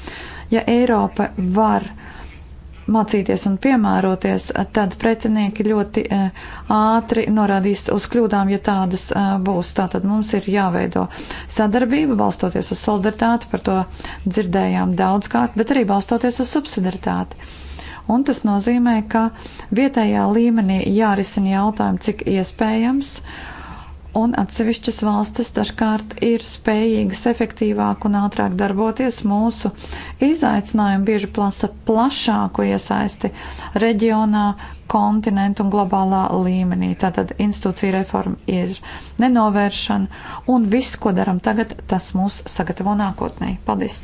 Ja Eiropa var mācīties un piemēroties, tad pretinieki ļoti eh, ātri norādīs uz kļūdām, ja tādas eh, būs. Tātad mums ir jāveido sadarbība, balstoties uz solidaritāti, par to dzirdējām daudzkārt, bet arī balstoties uz subsidaritāti. Un tas nozīmē, ka vietējā līmenī jārisina jautājumi, cik iespējams. Uh, un atsevišķas valstis dažkārt ir spējīgas efektīvāk un ātrāk darboties. Mūsu izaicinājumi bieži plasa plašāku iesaisti reģionā, kontinentu un globālā līmenī. Tātad institūcija reforma ir nenovēršana un viss, ko daram tagad, tas mūs sagatavo nākotnē. Paldies!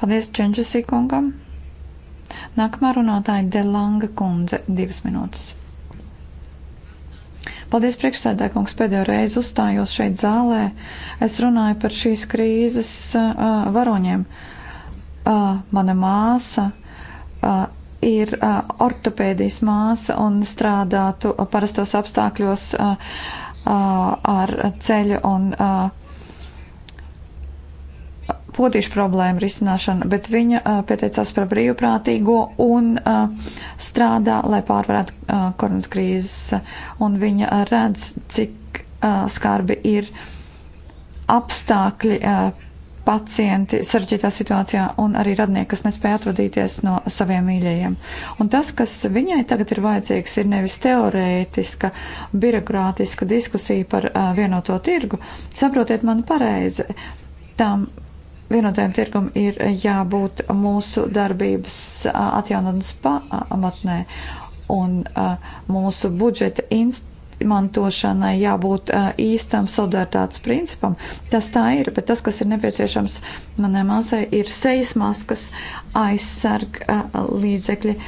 Paldies Čenčesī kungam! Nākamā runātāja Delanga kundze divas minūtes. Paldies, priekšsēdē, kungs, pēdējo reizi uzstājos šeit zālē. Es runāju par šīs krīzes uh, varoņiem. Uh, mana māsa. Uh, ir uh, ortopēdijas māsa un strādātu parastos apstākļos uh, uh, ar ceļu un uh, potīšu problēmu risināšanu, bet viņa uh, pieteicās par brīvprātīgo un uh, strādā, lai pārvarētu uh, koronas krīzes, un viņa uh, redz, cik uh, skarbi ir apstākļi. Uh, pacienti sarežģītā situācijā un arī radnieki, kas nespēja atvadīties no saviem mīļajiem. Un tas, kas viņai tagad ir vajadzīgs, ir nevis teorētiska, birokrātiska diskusija par uh, vienoto tirgu. Saprotiet mani pareizi, tam vienotajam tirgum ir jābūt mūsu darbības atjaunotnes pamatnē un mūsu budžeta izmantošanai jābūt īstam solidaritātes principam. Tas tā ir, bet tas, kas ir nepieciešams manai māsai, ir sejas maskas, aizsarg līdzekļi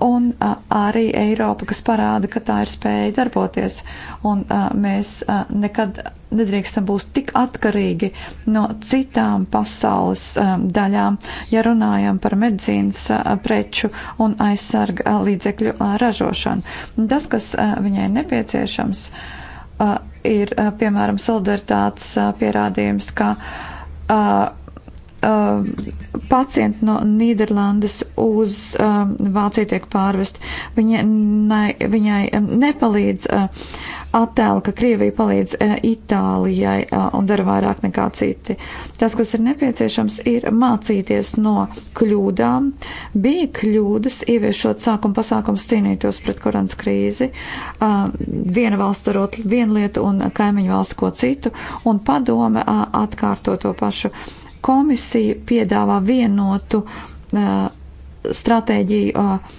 un a, arī Eiropa, kas parāda, ka tā ir spēja darboties. Un a, mēs a, nekad nedrīkstam būt tik atkarīgi no citām pasaules a, daļām, ja runājam par medicīnas a, preču un aizsarga līdzekļu a, ražošanu. Tas, kas a, viņai nepieciešams, a, ir a, piemēram solidaritātes a, pierādījums, ka a, Uh, pacienti no Nīderlandes uz um, Vāciju tiek pārvest. Viņa, ne, viņai um, nepalīdz uh, attēlu, ka Krievija palīdz uh, Itālijai uh, un dara vairāk nekā citi. Tas, kas ir nepieciešams, ir mācīties no kļūdām. Bija kļūdas, ieviešot sākuma pasākums cīnītos pret koronas krīzi, uh, viena valsts darot vienu lietu un kaimiņu valsts ko citu, un padome uh, atkārto to pašu. Uh, Komisija piedāvā vienotu uh, stratēģiju. Uh,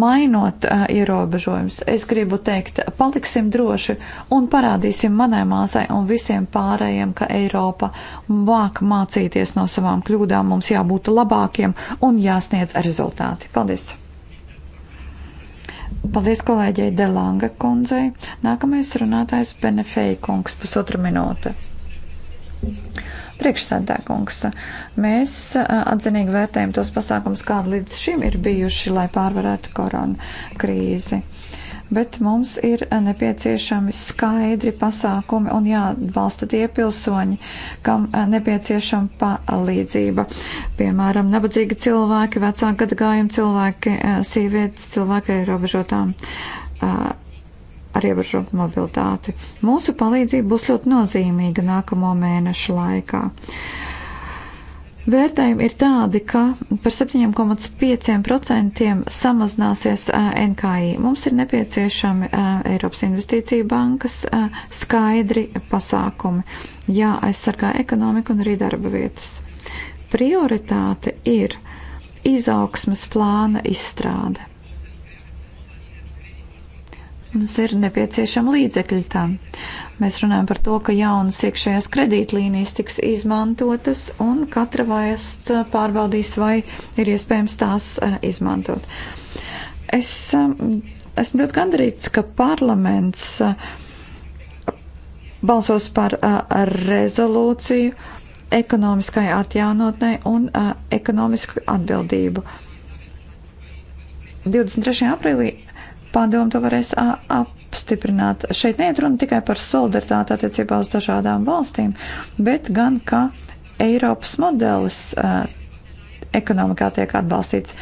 mainot uh, ierobežojumus. Es gribu teikt, paliksim droši un parādīsim manai māsai un visiem pārējiem, ka Eiropa māk mācīties no savām kļūdām, mums jābūt labākiem un jāsniedz rezultāti. Paldies! Paldies kolēģei Delanga kundzei. Nākamais runātājs Benefei kungs, pusotra minūte. Priekšsēdētājkungs, mēs atzinīgi vērtējam tos pasākums, kādi līdz šim ir bijuši, lai pārvarētu korona krīzi. Bet mums ir nepieciešami skaidri pasākumi un jāatbalsta tie pilsoņi, kam nepieciešama palīdzība. Piemēram, nabadzīgi cilvēki, vecāku gadagājumu cilvēki, sievietes, cilvēki ar ierobežotām ar ierobežotu mobilitāti. Mūsu palīdzība būs ļoti nozīmīga nākamo mēnešu laikā. Vērtējumi ir tādi, ka par 7,5% samazināsies NKI. Mums ir nepieciešami Eiropas investīcija bankas skaidri pasākumi, jāaizsargā ekonomika un arī darba vietas. Prioritāte ir izaugsmas plāna izstrāde Mums ir nepieciešama līdzekļi tam. Mēs runājam par to, ka jaunas iekšējās kredītlīnijas tiks izmantotas un katra valsts pārbaudīs, vai ir iespējams tās eh, izmantot. Es eh, esmu ļoti gandarīts, ka parlaments eh, balsos par rezolūciju ekonomiskai atjaunotnei un ekonomisku atbildību. 23. aprīlī Padomu to varēs apstiprināt. Šeit neiet runa tikai par solidaritāti attiecībā uz dažādām valstīm, bet gan, ka Eiropas modelis ekonomikā tiek atbalstīts.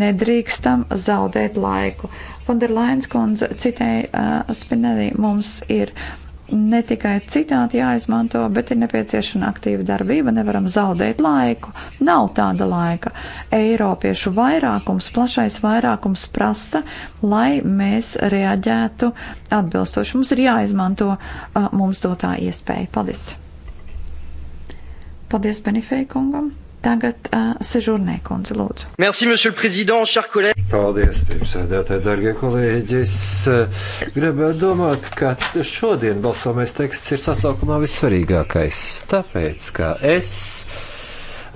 Nedrīkstam zaudēt laiku. Fonderlains kundze citēja uh, Spinelli, mums ir uh, ne tikai citāti jāizmanto, bet ir nepieciešama aktīva darbība. Nevaram zaudēt laiku. Nav tāda laika. Eiropiešu vairākums, plašais vairākums prasa, lai mēs reaģētu atbilstoši. Mums ir jāizmanto uh, mums dotā iespēja. Paldies! Paldies Benifei kungam! Tagad uh, Sežurnē kundze, lūdzu. Merci, monsieur le président, chers collègues. Paldies, priekšsēdētāji, darbie kolēģi. Es uh, gribētu domāt, ka šodien balstāmais teksts ir sasaukumā vissvarīgākais. Tāpēc, ka es. Uh,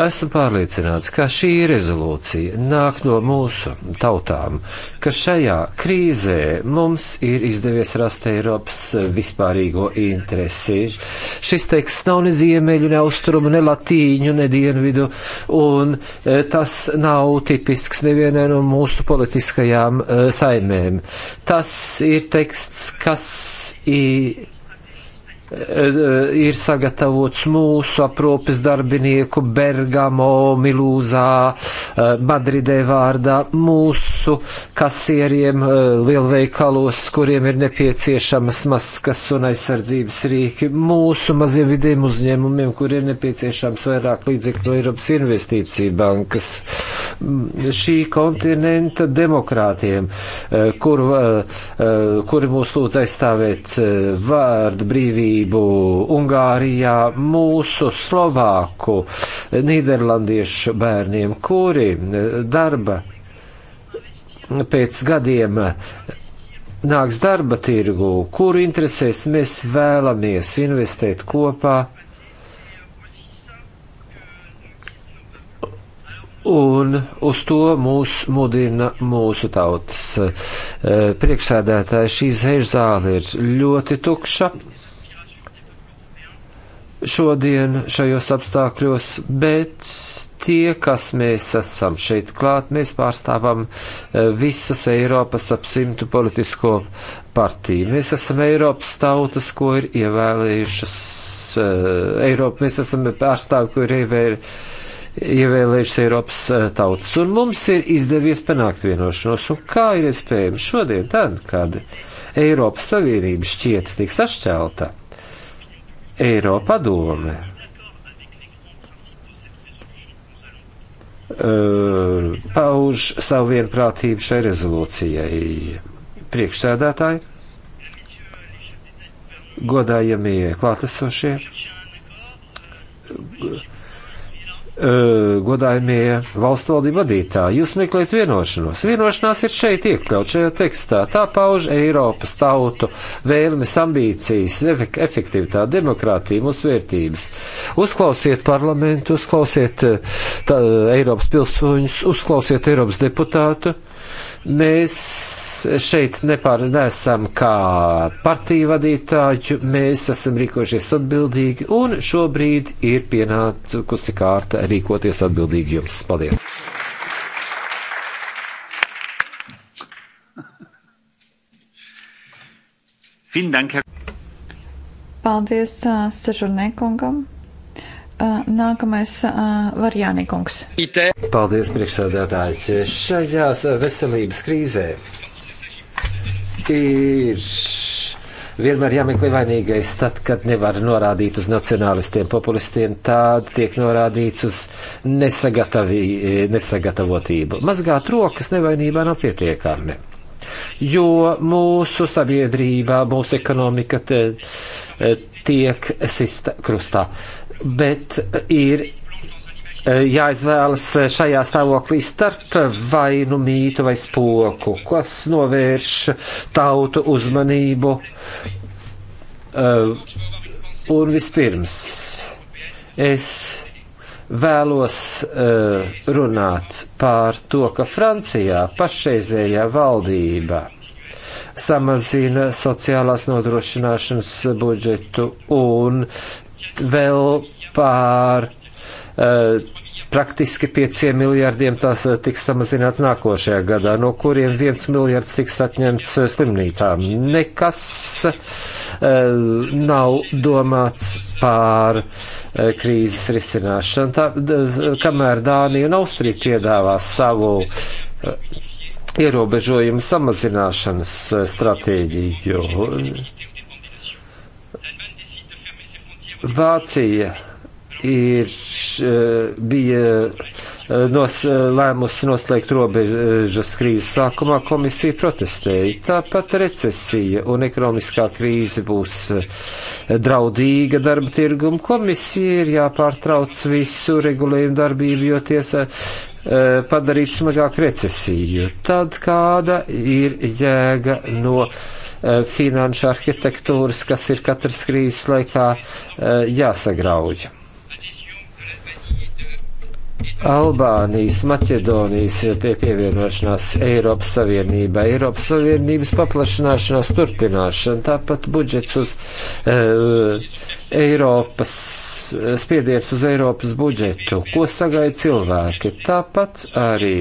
Esmu pārliecināts, ka šī rezolūcija nāk no mūsu tautām, ka šajā krīzē mums ir izdevies rast Eiropas vispārīgo interesi. Šis teksts nav ne ziemeļu, ne austrumu, ne latīņu, ne dienvidu, un e, tas nav tipisks nevienai no mūsu politiskajām e, saimēm. Tas ir teksts, kas ir Eh, ir sagatavots mūsu aprūpes darbinieku Bergamo, Milūzā, eh, Madridē vārdā, mūsu kasieriem eh, lielveikalos, kuriem ir nepieciešamas maskas un aizsardzības rīki, mūsu maziem vidiem uzņēmumiem, kuriem ir nepieciešams vairāk līdzekļu no Eiropas investīcija bankas, mm, šī kontinenta demokrātiem, kur, kuri mūs lūdz aizstāvēt vārdu brīvību, dalību Ungārijā mūsu slovāku, nīderlandiešu bērniem, kuri darba pēc gadiem nāks darba tirgu, kuru interesēs mēs vēlamies investēt kopā. Un uz to mūs mudina mūsu tautas priekšsēdētāji. Šī zēžzāle ir ļoti tukša šodien šajos apstākļos, bet tie, kas mēs esam šeit klāt, mēs pārstāvam eh, visas Eiropas ap simtu politisko partiju. Mēs esam Eiropas tautas, ko ir ievēlējušas eh, Eiropa, mēs esam pārstāvi, ko ir ievēlējušas ievēlējušas Eiropas eh, tautas, un mums ir izdevies panākt vienošanos, un kā ir iespējams šodien, tad, kad Eiropas Savienība šķiet tiks sašķelta, Eiropa doma. Uh, pauž savu vienprātību šai rezolūcijai. Priekšsēdētāji, godājamie klātesošie, godājumie valstu valdību vadītāji, jūs meklējat vienošanos. Vienošanās ir šeit iekļaut šajā tekstā. Tā pauž Eiropas tautu vēlmes, ambīcijas, efektivitāti, demokrātiju, mūsu vērtības. Uzklausiet parlamentu, uzklausiet tā, Eiropas pilsoņus, uzklausiet Eiropas deputātu. Mēs šeit nepār, neesam kā partiju vadītāju, mēs esam rīkojušies atbildīgi, un šobrīd ir pienākusi kārta rīkoties atbildīgi jums. Paldies! Paldies Sežurnē kungam! Nākamais var Jānikungs. Paldies, priekšsēdētāji. Šajās veselības krīzē ir vienmēr jāmeklē vainīgais. Tad, kad nevar norādīt uz nacionālistiem, populistiem, tad tiek norādīts uz nesagatavotību. Mazgāt rokas nevainībā nav pietiekami. Jo mūsu sabiedrībā, mūsu ekonomika te, tiek sista krustā. Uh, bet ir e, jāizvēlas šajā stāvoklī starp vainu mītu vai spoku, kas novērš tautu uzmanību. E, un vispirms es vēlos e, runāt par to, ka Francijā pašreizējā valdība samazina sociālās nodrošināšanas budžetu un vēl pār eh, praktiski 5 miljardiem tās eh, tiks samazināts nākošajā gadā, no kuriem 1 miljards tiks atņemts eh, slimnīcām. Nekas nav domāts pār krīzes risināšanu. Tā, kamēr Dānija un Austrija piedāvā savu ierobežojumu samazināšanas stratēģiju. Vācija ir eh, bija eh, nos, eh, lēmusi noslēgt robežas krīzes sākumā, komisija protestēja. Tāpat recesija un ekonomiskā krīze būs draudīga darba tirgumu. Komisija ir jāpārtrauc visu regulējumu darbību, jo tiesa padarīt smagāku recesiju. Tad kāda ir jēga no finanšu arhitektūras, kas ir katras krīzes laikā jāsagrauj? Albānijas, Maķedonijas pie pievienošanās Eiropas Savienībai, Eiropas Savienības paplašanāšanās turpināšana, tāpat budžets uz e, Eiropas, spiediens uz Eiropas budžetu, ko sagaida cilvēki, tāpat arī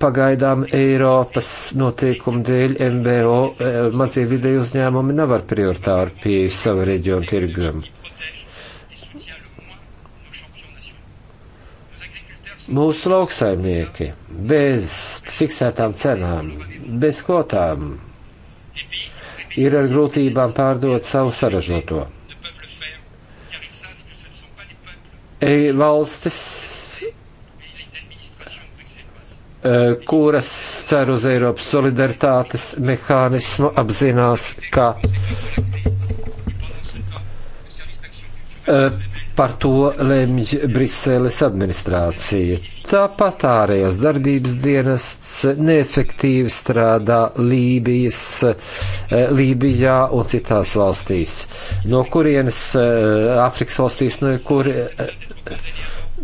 pagaidām Eiropas notiekumu dēļ MBO eh, mazie vidēji uzņēmumi nav ar prioritāru pieeju savu reģionu tirgumu. Mūsu lauksaimnieki bez fiksētām cenām, bez kvotām ir ar grūtībām pārdot savu saražoto. Ei, valstis Eh, kuras cer uz Eiropas solidaritātes mehānismu, apzinās, ka eh, par to lemj Briseles administrācija. Tāpat ārējās darbības dienests neefektīvi strādā Lībijas, eh, Lībijā un citās valstīs, no kurienes Āfrikas valstīs, no kur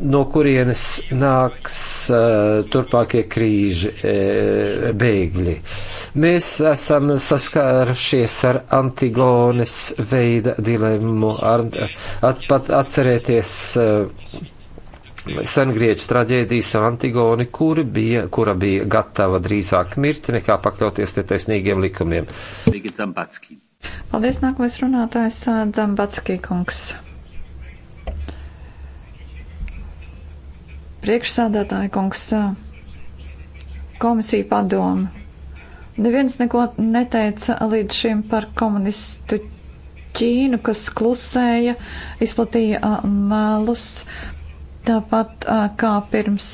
no kurienes nāks uh, turpākie krīži, e, bēgļi. Mēs esam saskārušies ar Antigones veida dilemmu, ar, at, pat atcerēties uh, eh, sengrieķu traģēdijas Antigoni, kura bija, kura bija gatava drīzāk mirt, nekā pakļauties netaisnīgiem likumiem. Paldies, nākamais runātājs Dzambatskī kungs. Priekšsādātāja kungs, komisija padoma. Neviens neko neteica līdz šim par komunistu Ķīnu, kas klusēja, izplatīja melus, Tāpat kā pirms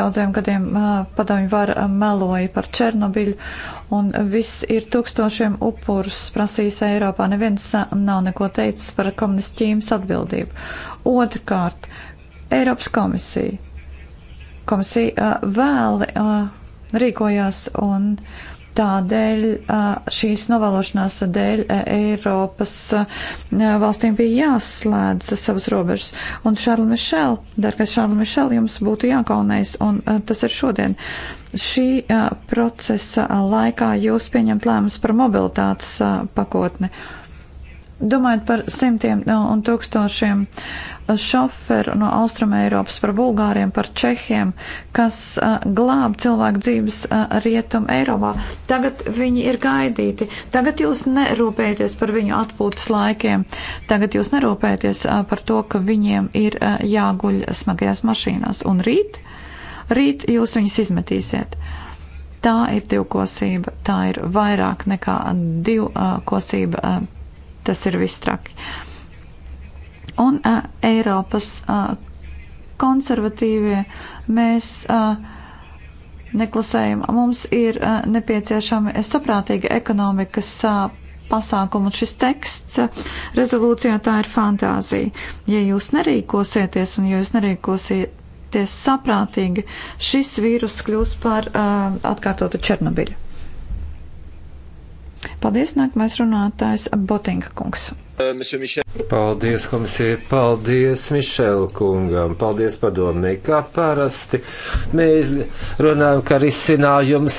daudziem gadiem padomju vara meloja par Černobiļu, un viss ir tūkstošiem upurus prasījis Eiropā. Neviens nav neko teicis par komunistu ķīmas atbildību. Otrkārt, Eiropas komisija Komisija vēli rīkojās un tādēļ šīs novēlošanās dēļ Eiropas valstīm bija jāslēdz savas robežas. Un Šarli Mišel, dargais Šarli Mišel, jums būtu jākaunējas, un tas ir šodien. Šī procesa laikā jūs pieņemt lēmums par mobilitātes pakotni. Uh, Domājot par simtiem un tūkstošiem eh, šoferu no Austrumē Eiropas, par Bulgāriem, par Čehiem, kas eh, glāb cilvēku dzīves eh, rietum Eiropā. Tagad viņi ir gaidīti. Tagad jūs nerūpēties par viņu atpūtas laikiem. Tagad jūs nerūpēties par to, ka viņiem ir jāguļ smagajās mašīnās. Un rīt, rīt jūs viņus izmetīsiet. Tā ir divkosība, tā ir vairāk nekā divkosība Tas ir viss traki. Un uh, Eiropas uh, konservatīvie mēs. Uh, Neklusējam. Mums ir uh, nepieciešama saprātīga ekonomikas uh, pasākumu. Šis teksts rezolūcijā tā ir fantāzija. Ja jūs nerīkosieties un ja jūs nerīkosieties saprātīgi, šis vīrus kļūs par uh, atkārtotu Černobiļu. Paldies, nākamais runātājs Botinga kungs. Paldies komisijai, paldies Mišelu kungam, paldies padomēji. Kā parasti mēs runājam, ka risinājums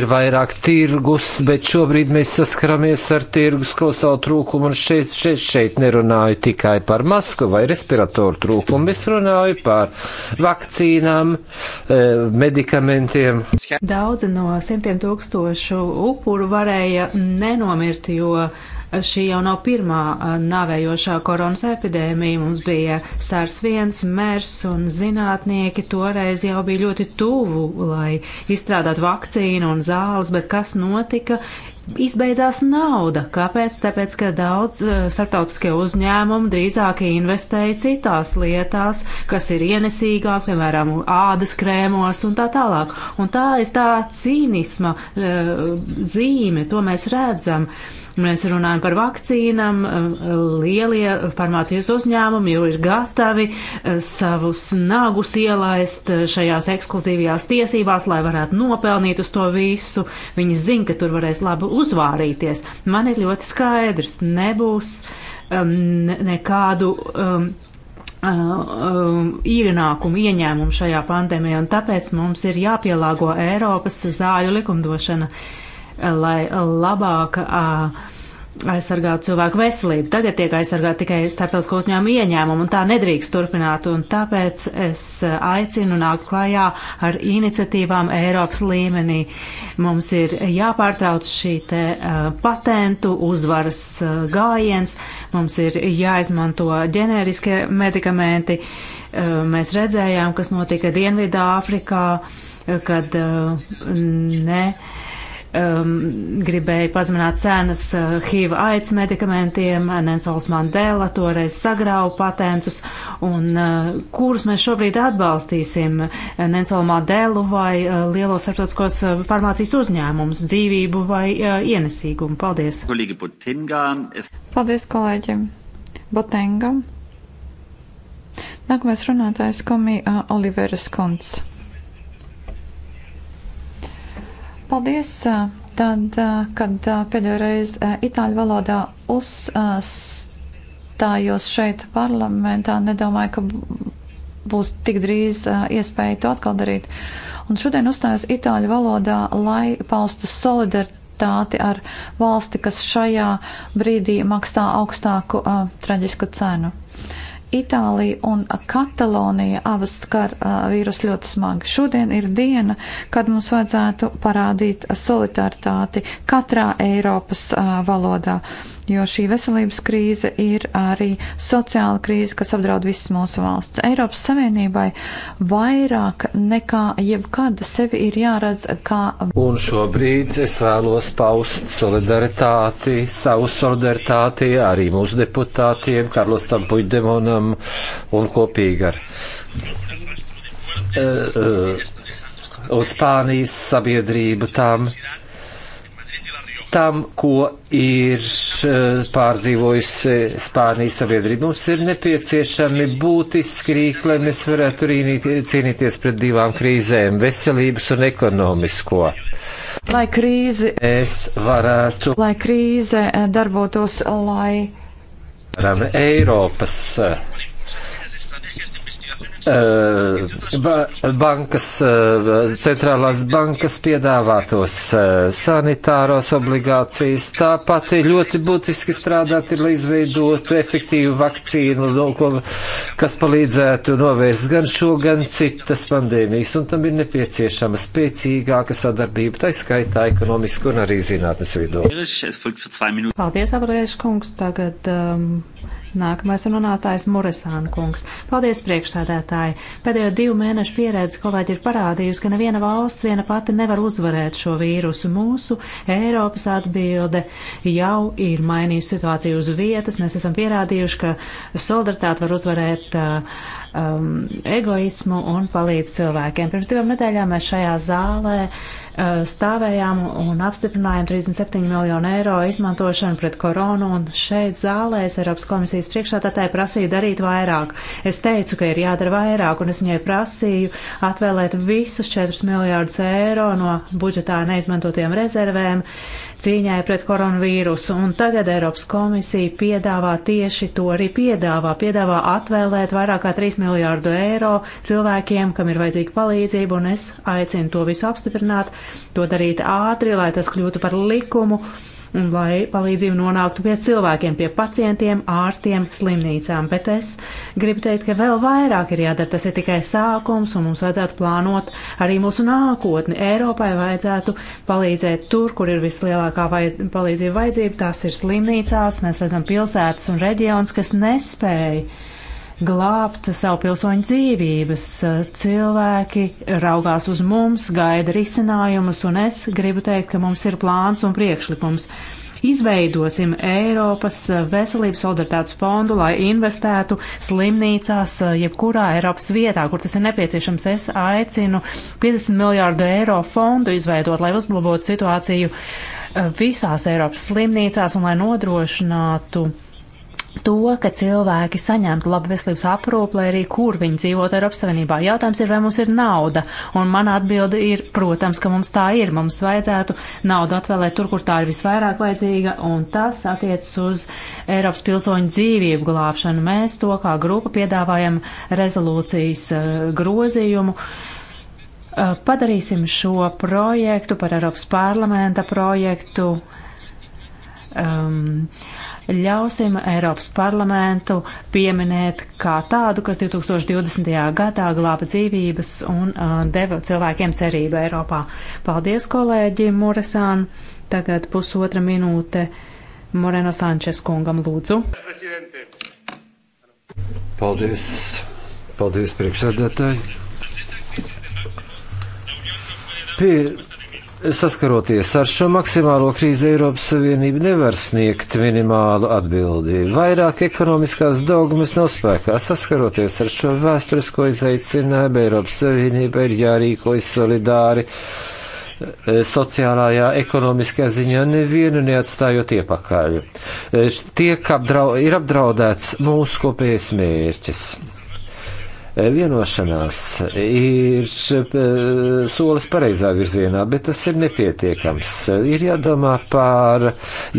ir vairāk tirgus, bet šobrīd mēs saskaramies ar tirgus klausalu trūkumu un šeit, šeit, šeit nerunāju tikai par masku vai respiratoru trūkumu, es runāju par vakcīnām, eh, medikamentiem. Daudzi no simtiem tūkstošu upuru varēja nenomirt, jo Šī jau nav pirmā nāvējošā koronas epidēmija. Mums bija sārs viens, mērs un zinātnieki toreiz jau bija ļoti tuvu, lai izstrādātu vakcīnu un zāles, bet kas notika? Izbeidzās nauda. Kāpēc? Tāpēc, ka daudz starptautiskie uzņēmumi drīzāk investēja citās lietās, kas ir ienesīgāk, piemēram, ādas krēmos un tā tālāk. Un tā ir tā cīnisma zīme, to mēs redzam. Uh, Mēs runājam par vakcīnām, lielie farmācijas uzņēmumi jau ir gatavi eh, savus nagus ielaist eh, šajās ekskluzīvajās tiesībās, lai varētu nopelnīt uz to visu. Viņi zina, ka tur varēs labi uzvārīties. Man ir ļoti skaidrs, nebūs um, nekādu. Um, uh, um, ienākumu, ieņēmumu šajā pandēmijā, un tāpēc mums ir jāpielāgo Eiropas zāļu likumdošana uh, lai labāk aizsargātu cilvēku veselību. Tagad tiek aizsargāta tikai starptautisko uzņēmumu ieņēmumu, un tā nedrīkst turpināt, un tāpēc es aicinu nākt klajā ar iniciatīvām Eiropas līmenī. Mums ir jāpārtrauc šī te patentu uzvaras gājiens, mums ir jāizmanto ģenēriskie medikamenti. Mēs redzējām, kas notika Dienvidā Āfrikā, kad ne um, gribēja pazemināt cenas uh, HIV aids medikamentiem, Nensols Mandela toreiz sagrāva patentus, un uh, kurus mēs šobrīd atbalstīsim, Nensolu Mandelu vai uh, lielos starptautiskos uh, farmācijas uzņēmumus, dzīvību vai uh, ienesīgumu. Paldies! Paldies kolēģiem! Botengam! Nākamais runātājs komija uh, Oliveras Konts. Paldies! Tad, kad pēdējo reizi eh, itāļu valodā uzstājos šeit parlamentā, nedomāju, ka būs tik drīz eh, iespēja to atkal darīt. Un šodien uzstājos itāļu valodā, lai paustu solidaritāti ar valsti, kas šajā brīdī maksā augstāku eh, traģisku cenu. Itālija un Katalonija abas skar uh, vīrus ļoti smagi. Šodien ir diena, kad mums vajadzētu parādīt solidaritāti katrā Eiropas uh, valodā. Uh, jo šī veselības krīze ir arī sociāla krīze, kas apdraud visas mūsu valsts. Eiropas Savienībai vairāk nekā jebkad sevi ir jāredz kā. Un šobrīd es vēlos paust solidaritāti, savu solidaritāti arī mūsu deputātiem, Karlosam Puigdemonam un kopīgi ar. Uh, uh, un Spānijas sabiedrību tām tam, ko ir eh, pārdzīvojusi Spānijas sabiedrība. Mums ir nepieciešami būtiski rīki, lai mēs varētu rīnīt, cīnīties pret divām krīzēm - veselības un ekonomisko. Lai krīze, es varētu, lai krīze eh, darbotos, lai. Eiropas eh, Uh, ba bankas, uh, centrālās bankas piedāvātos uh, sanitāros obligācijas. Tāpat ir ļoti būtiski strādāt, ir, lai izveidotu efektīvu vakcīnu, ko, kas palīdzētu novērst gan šo, gan citas pandēmijas, un tam ir nepieciešama spēcīgāka sadarbība, tā skaitā ekonomiski un arī zinātnes vidū. Paldies, Avarēš kungs, tagad um, Nākamais runātājs Muresāna kungs. Paldies, priekšsēdētāji! Pēdējo divu mēnešu pieredze kolēģi ir parādījusi, ka neviena valsts viena pati nevar uzvarēt šo vīrusu. Mūsu Eiropas atbilde jau ir mainījusi situāciju uz vietas. Mēs esam pierādījuši, ka solidaritāte var uzvarēt uh, um, egoismu un palīdz cilvēkiem. Pirms divām nedēļām mēs šajā zālē Eh, stāvējām un apstiprinājām 37 miljonu eiro izmantošanu pret koronu, un šeit zālē es Eiropas komisijas priekšstādātāji prasīju darīt vairāk. Es teicu, ka ir jādara vairāk, un es viņai prasīju atvēlēt visus 4 miljārdus eiro no budžetā neizmantotajām rezervēm cīņai pret koronavīrusu, un tagad Eiropas komisija piedāvā tieši to arī piedāvā, piedāvā atvēlēt vairāk kā 3 miljārdu eiro cilvēkiem, kam ir vajadzīga palīdzība, un es aicinu to visu apstiprināt to darīt ātri, lai tas kļūtu par likumu un lai palīdzību nonāktu pie cilvēkiem, pie pacientiem, ārstiem, slimnīcām. Bet es gribu teikt, ka vēl vairāk ir jādara. Tas ir tikai sākums, un mums vajadzētu plānot arī mūsu nākotni. Eiropai vajadzētu palīdzēt tur, kur ir vislielākā vai palīdzība vajadzība. Tās ir slimnīcās, mēs redzam pilsētas un reģionus, kas nespēja glābt savu pilsoņu dzīvības. Cilvēki raugās uz mums, gaida risinājumus, un es gribu teikt, ka mums ir plāns un priekšlikums. Izveidosim Eiropas veselības solidaritātes fondu, lai investētu slimnīcās, jebkurā Eiropas vietā, kur tas ir nepieciešams. Es aicinu 50 miljārdu eiro fondu izveidot, lai uzlabotu situāciju visās Eiropas slimnīcās un lai nodrošinātu uh, to, ka cilvēki saņemtu labu veselības aprūpu, lai arī kur viņi dzīvotu Eiropas Savienībā. Jautājums ir, vai mums ir nauda, un mana atbilde ir, protams, ka mums tā ir. Mums vajadzētu naudu atvēlēt tur, kur tā ir visvairāk vajadzīga, un tas attiecas uz Eiropas pilsoņu dzīvību glābšanu. Mēs to kā grupa piedāvājam rezolūcijas eh, grozījumu. Eh, padarīsim šo projektu par Eiropas parlamenta projektu. Um, uh, ļausim Eiropas parlamentu pieminēt kā tādu, kas 2020. gadā glāba dzīvības un uh, deva cilvēkiem cerību Eiropā. Paldies, kolēģi Muresan. Tagad pusotra minūte Moreno Sančes kungam lūdzu. Paldies. Paldies, priekšsēdētāji. Pie Saskaroties ar šo maksimālo krīzi, Eiropas Savienība nevar sniegt minimālu atbildi. Vairāk ekonomiskās dogmas nav spēkā. Saskaroties ar šo vēsturisko izaicinājumu, Eiropas Savienība ir jārīkojas solidāri e, sociālajā, ekonomiskajā ziņā nevienu neatstājot iepakaļ. E, tiek apdraud, ir apdraudēts mūsu kopējais mērķis. Vienošanās ir eh, solis pareizā virzienā, bet tas ir nepietiekams. Ir jādomā par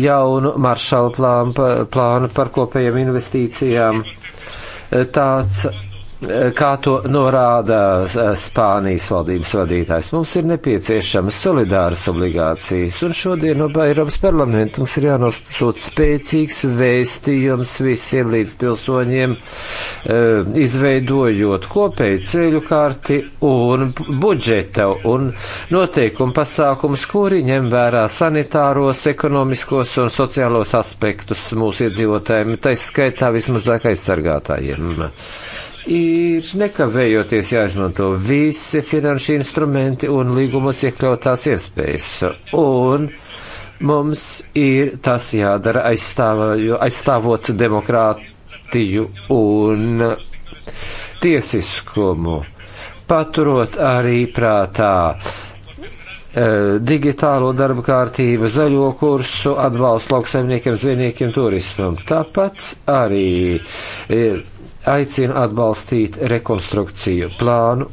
jaunu maršalu plānu, plānu par kopējiem investīcijām. Tāds kā to norāda eh, Spānijas valdības vadītājs. Mums ir nepieciešamas solidāras obligācijas, un šodien no Eiropas parlamenta mums ir jānosūt spēcīgs vēstījums visiem līdz pilsoņiem, eh, izveidojot kopēju ceļu karti un budžeta un noteikumu pasākumus, kuri ņem vērā sanitāros, ekonomiskos un sociālos aspektus mūsu iedzīvotājiem, taisa skaitā vismazāk aizsargātājiem ir nekavējoties jāizmanto visi finanšu instrumenti un līgumos iekļautās iespējas. Un mums ir tas jādara aizstāvot demokrātiju un tiesiskumu, paturot arī prātā e, digitālo darba kārtību, zaļo kursu, atbalstu lauksaimniekiem, zvejniekiem, turismam. Tāpat arī e, aicina atbalstīt rekonstrukciju plānu.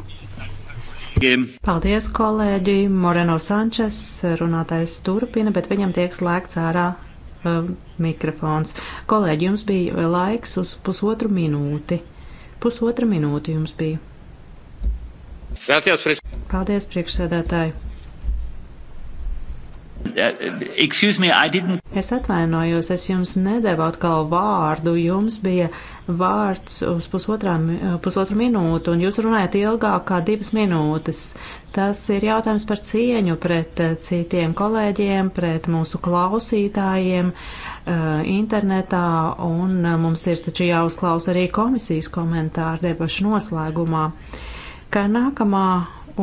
Paldies, kolēģi! Moreno Sančes runātais turpina, bet viņam tiek slēgts ārā um, mikrofons. Kolēģi, jums bija uh, laiks uz pusotru minūti. Pusotra minūte jums bija. Paldies, priekšsēdētāji! Uh, excuse me, I didn't. Es atvainojos, es jums nedevu atkal vārdu. Jums bija vārds uz pusotrā, uh, pusotru minūtu, un jūs runājat ilgāk kā divas minūtes. Tas ir jautājums par cieņu pret uh, citiem kolēģiem, pret mūsu klausītājiem internetā, un mums ir taču jāuzklaus arī komisijas komentāri debašu noslēgumā. Kā nākamā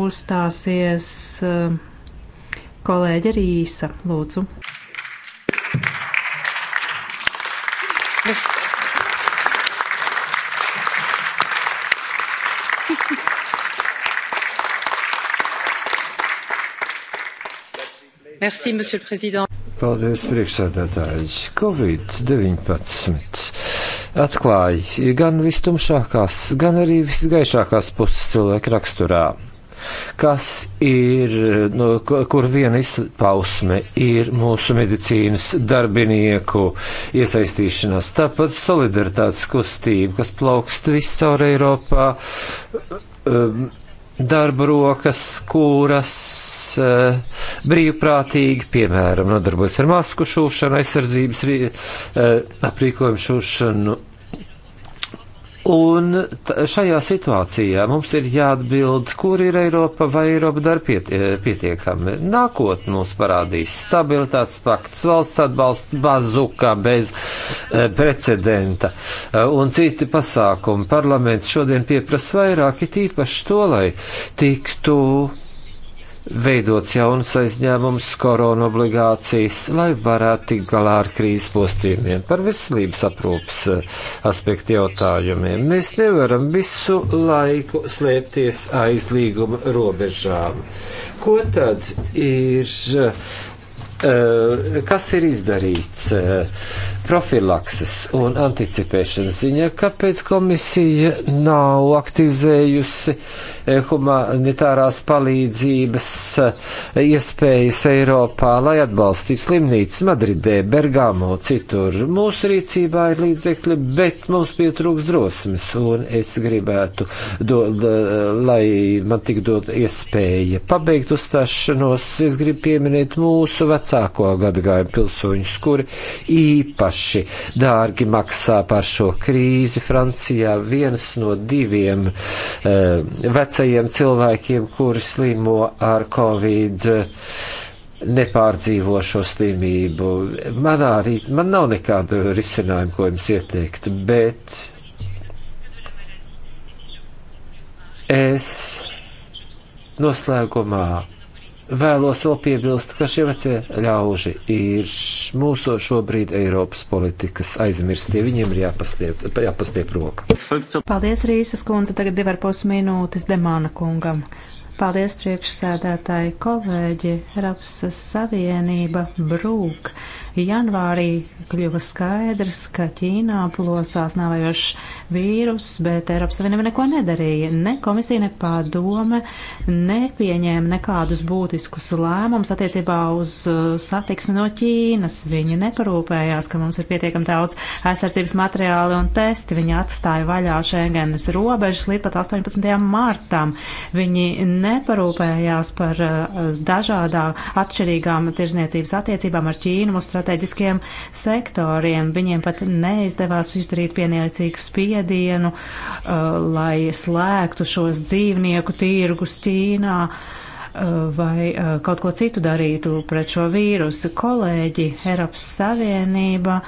uzstāsies. Uh, Kolēģe Rīsa, lūdzu. Es... Merci, Monsieur le Président. Paldies, priekšsēdētājs. Covid-19 atklāja gan vistumšākās, gan arī visgaišākās puses cilvēka raksturā kas ir, no, nu, kur viena izpausme ir mūsu medicīnas darbinieku iesaistīšanās. Tāpat solidaritātes kustība, kas plaukst viscaur Eiropā, um, darba rokas, kuras uh, brīvprātīgi, piemēram, nodarbojas ar masku šūšanu, aizsardzības uh, aprīkojumu šūšanu Un šajā situācijā mums ir jāatbild, kur ir Eiropa vai Eiropa dara piet pietiekami. Nākotnē mums parādīs stabilitātes pakts, valsts atbalsts, bazuka bez e, precedenta e, un citi pasākumi. Parlaments šodien pieprasa vairāk, it īpaši to, lai tiktu veidots jaunas aizņēmums, korona obligācijas, lai varētu tikt galā ar krīzes postījumiem. Par veselības aprūpas eh, aspektu jautājumiem mēs nevaram visu laiku slēpties aiz līguma robežām. Ko tad ir, eh, kas ir izdarīts? profilakses un anticipēšanas ziņā, kāpēc komisija nav aktivizējusi eh, humanitārās palīdzības eh, iespējas Eiropā, lai atbalstītu slimnīcas Madridē, Bergamo, citur. Mūsu rīcībā ir līdzekļi, bet mums pietrūks drosmes, un es gribētu, do, lai man tik dot iespēja pabeigt uzstāšanos. Es gribu pieminēt mūsu vecāko gadagājumu pilsoņus, kuri īpaši paši dārgi maksā par šo krīzi. Francijā viens no diviem e, vecajiem cilvēkiem, kuri slimo ar Covid. E, nepārdzīvo šo slimību. Manā arī man nav nekādu risinājumu, ko jums ieteikt, bet es noslēgumā vēlos vēl piebilst, ka šie vecie ļauži ir mūsu šobrīd Eiropas politikas aizmirstie. Viņiem ir jāpasliep, jāpasliep roka. Paldies, Rīsas kundze. Tagad divar pus minūtes Demāna kungam. Paldies, priekšsēdētāji, kolēģi. Rapsas Savienība brūk. Janvārī kļuva skaidrs, ka Ķīnā plosās nāvējošs vīrus, bet Eiropas Savienība neko nedarīja. Ne komisija, ne padome nepieņēma nekādus būtiskus lēmumus attiecībā uz uh, satiksmi no Ķīnas. Viņi neparūpējās, ka mums ir pietiekami daudz aizsardzības materiāli un testi. Viņi atstāja vaļā Schengenes robežas līdz pat 18. martam. Viņi neparūpējās par uh, dažādām atšķirīgām tirzniecības attiecībām ar Ķīnu. Mums strateģiskiem sektoriem. Viņiem pat neizdevās izdarīt pieniecīgu spiedienu, uh, lai slēgtu šos dzīvnieku tirgus Ķīnā uh, vai uh, kaut ko citu darītu pret šo vīrusu. Kolēģi, Eiropas Savienība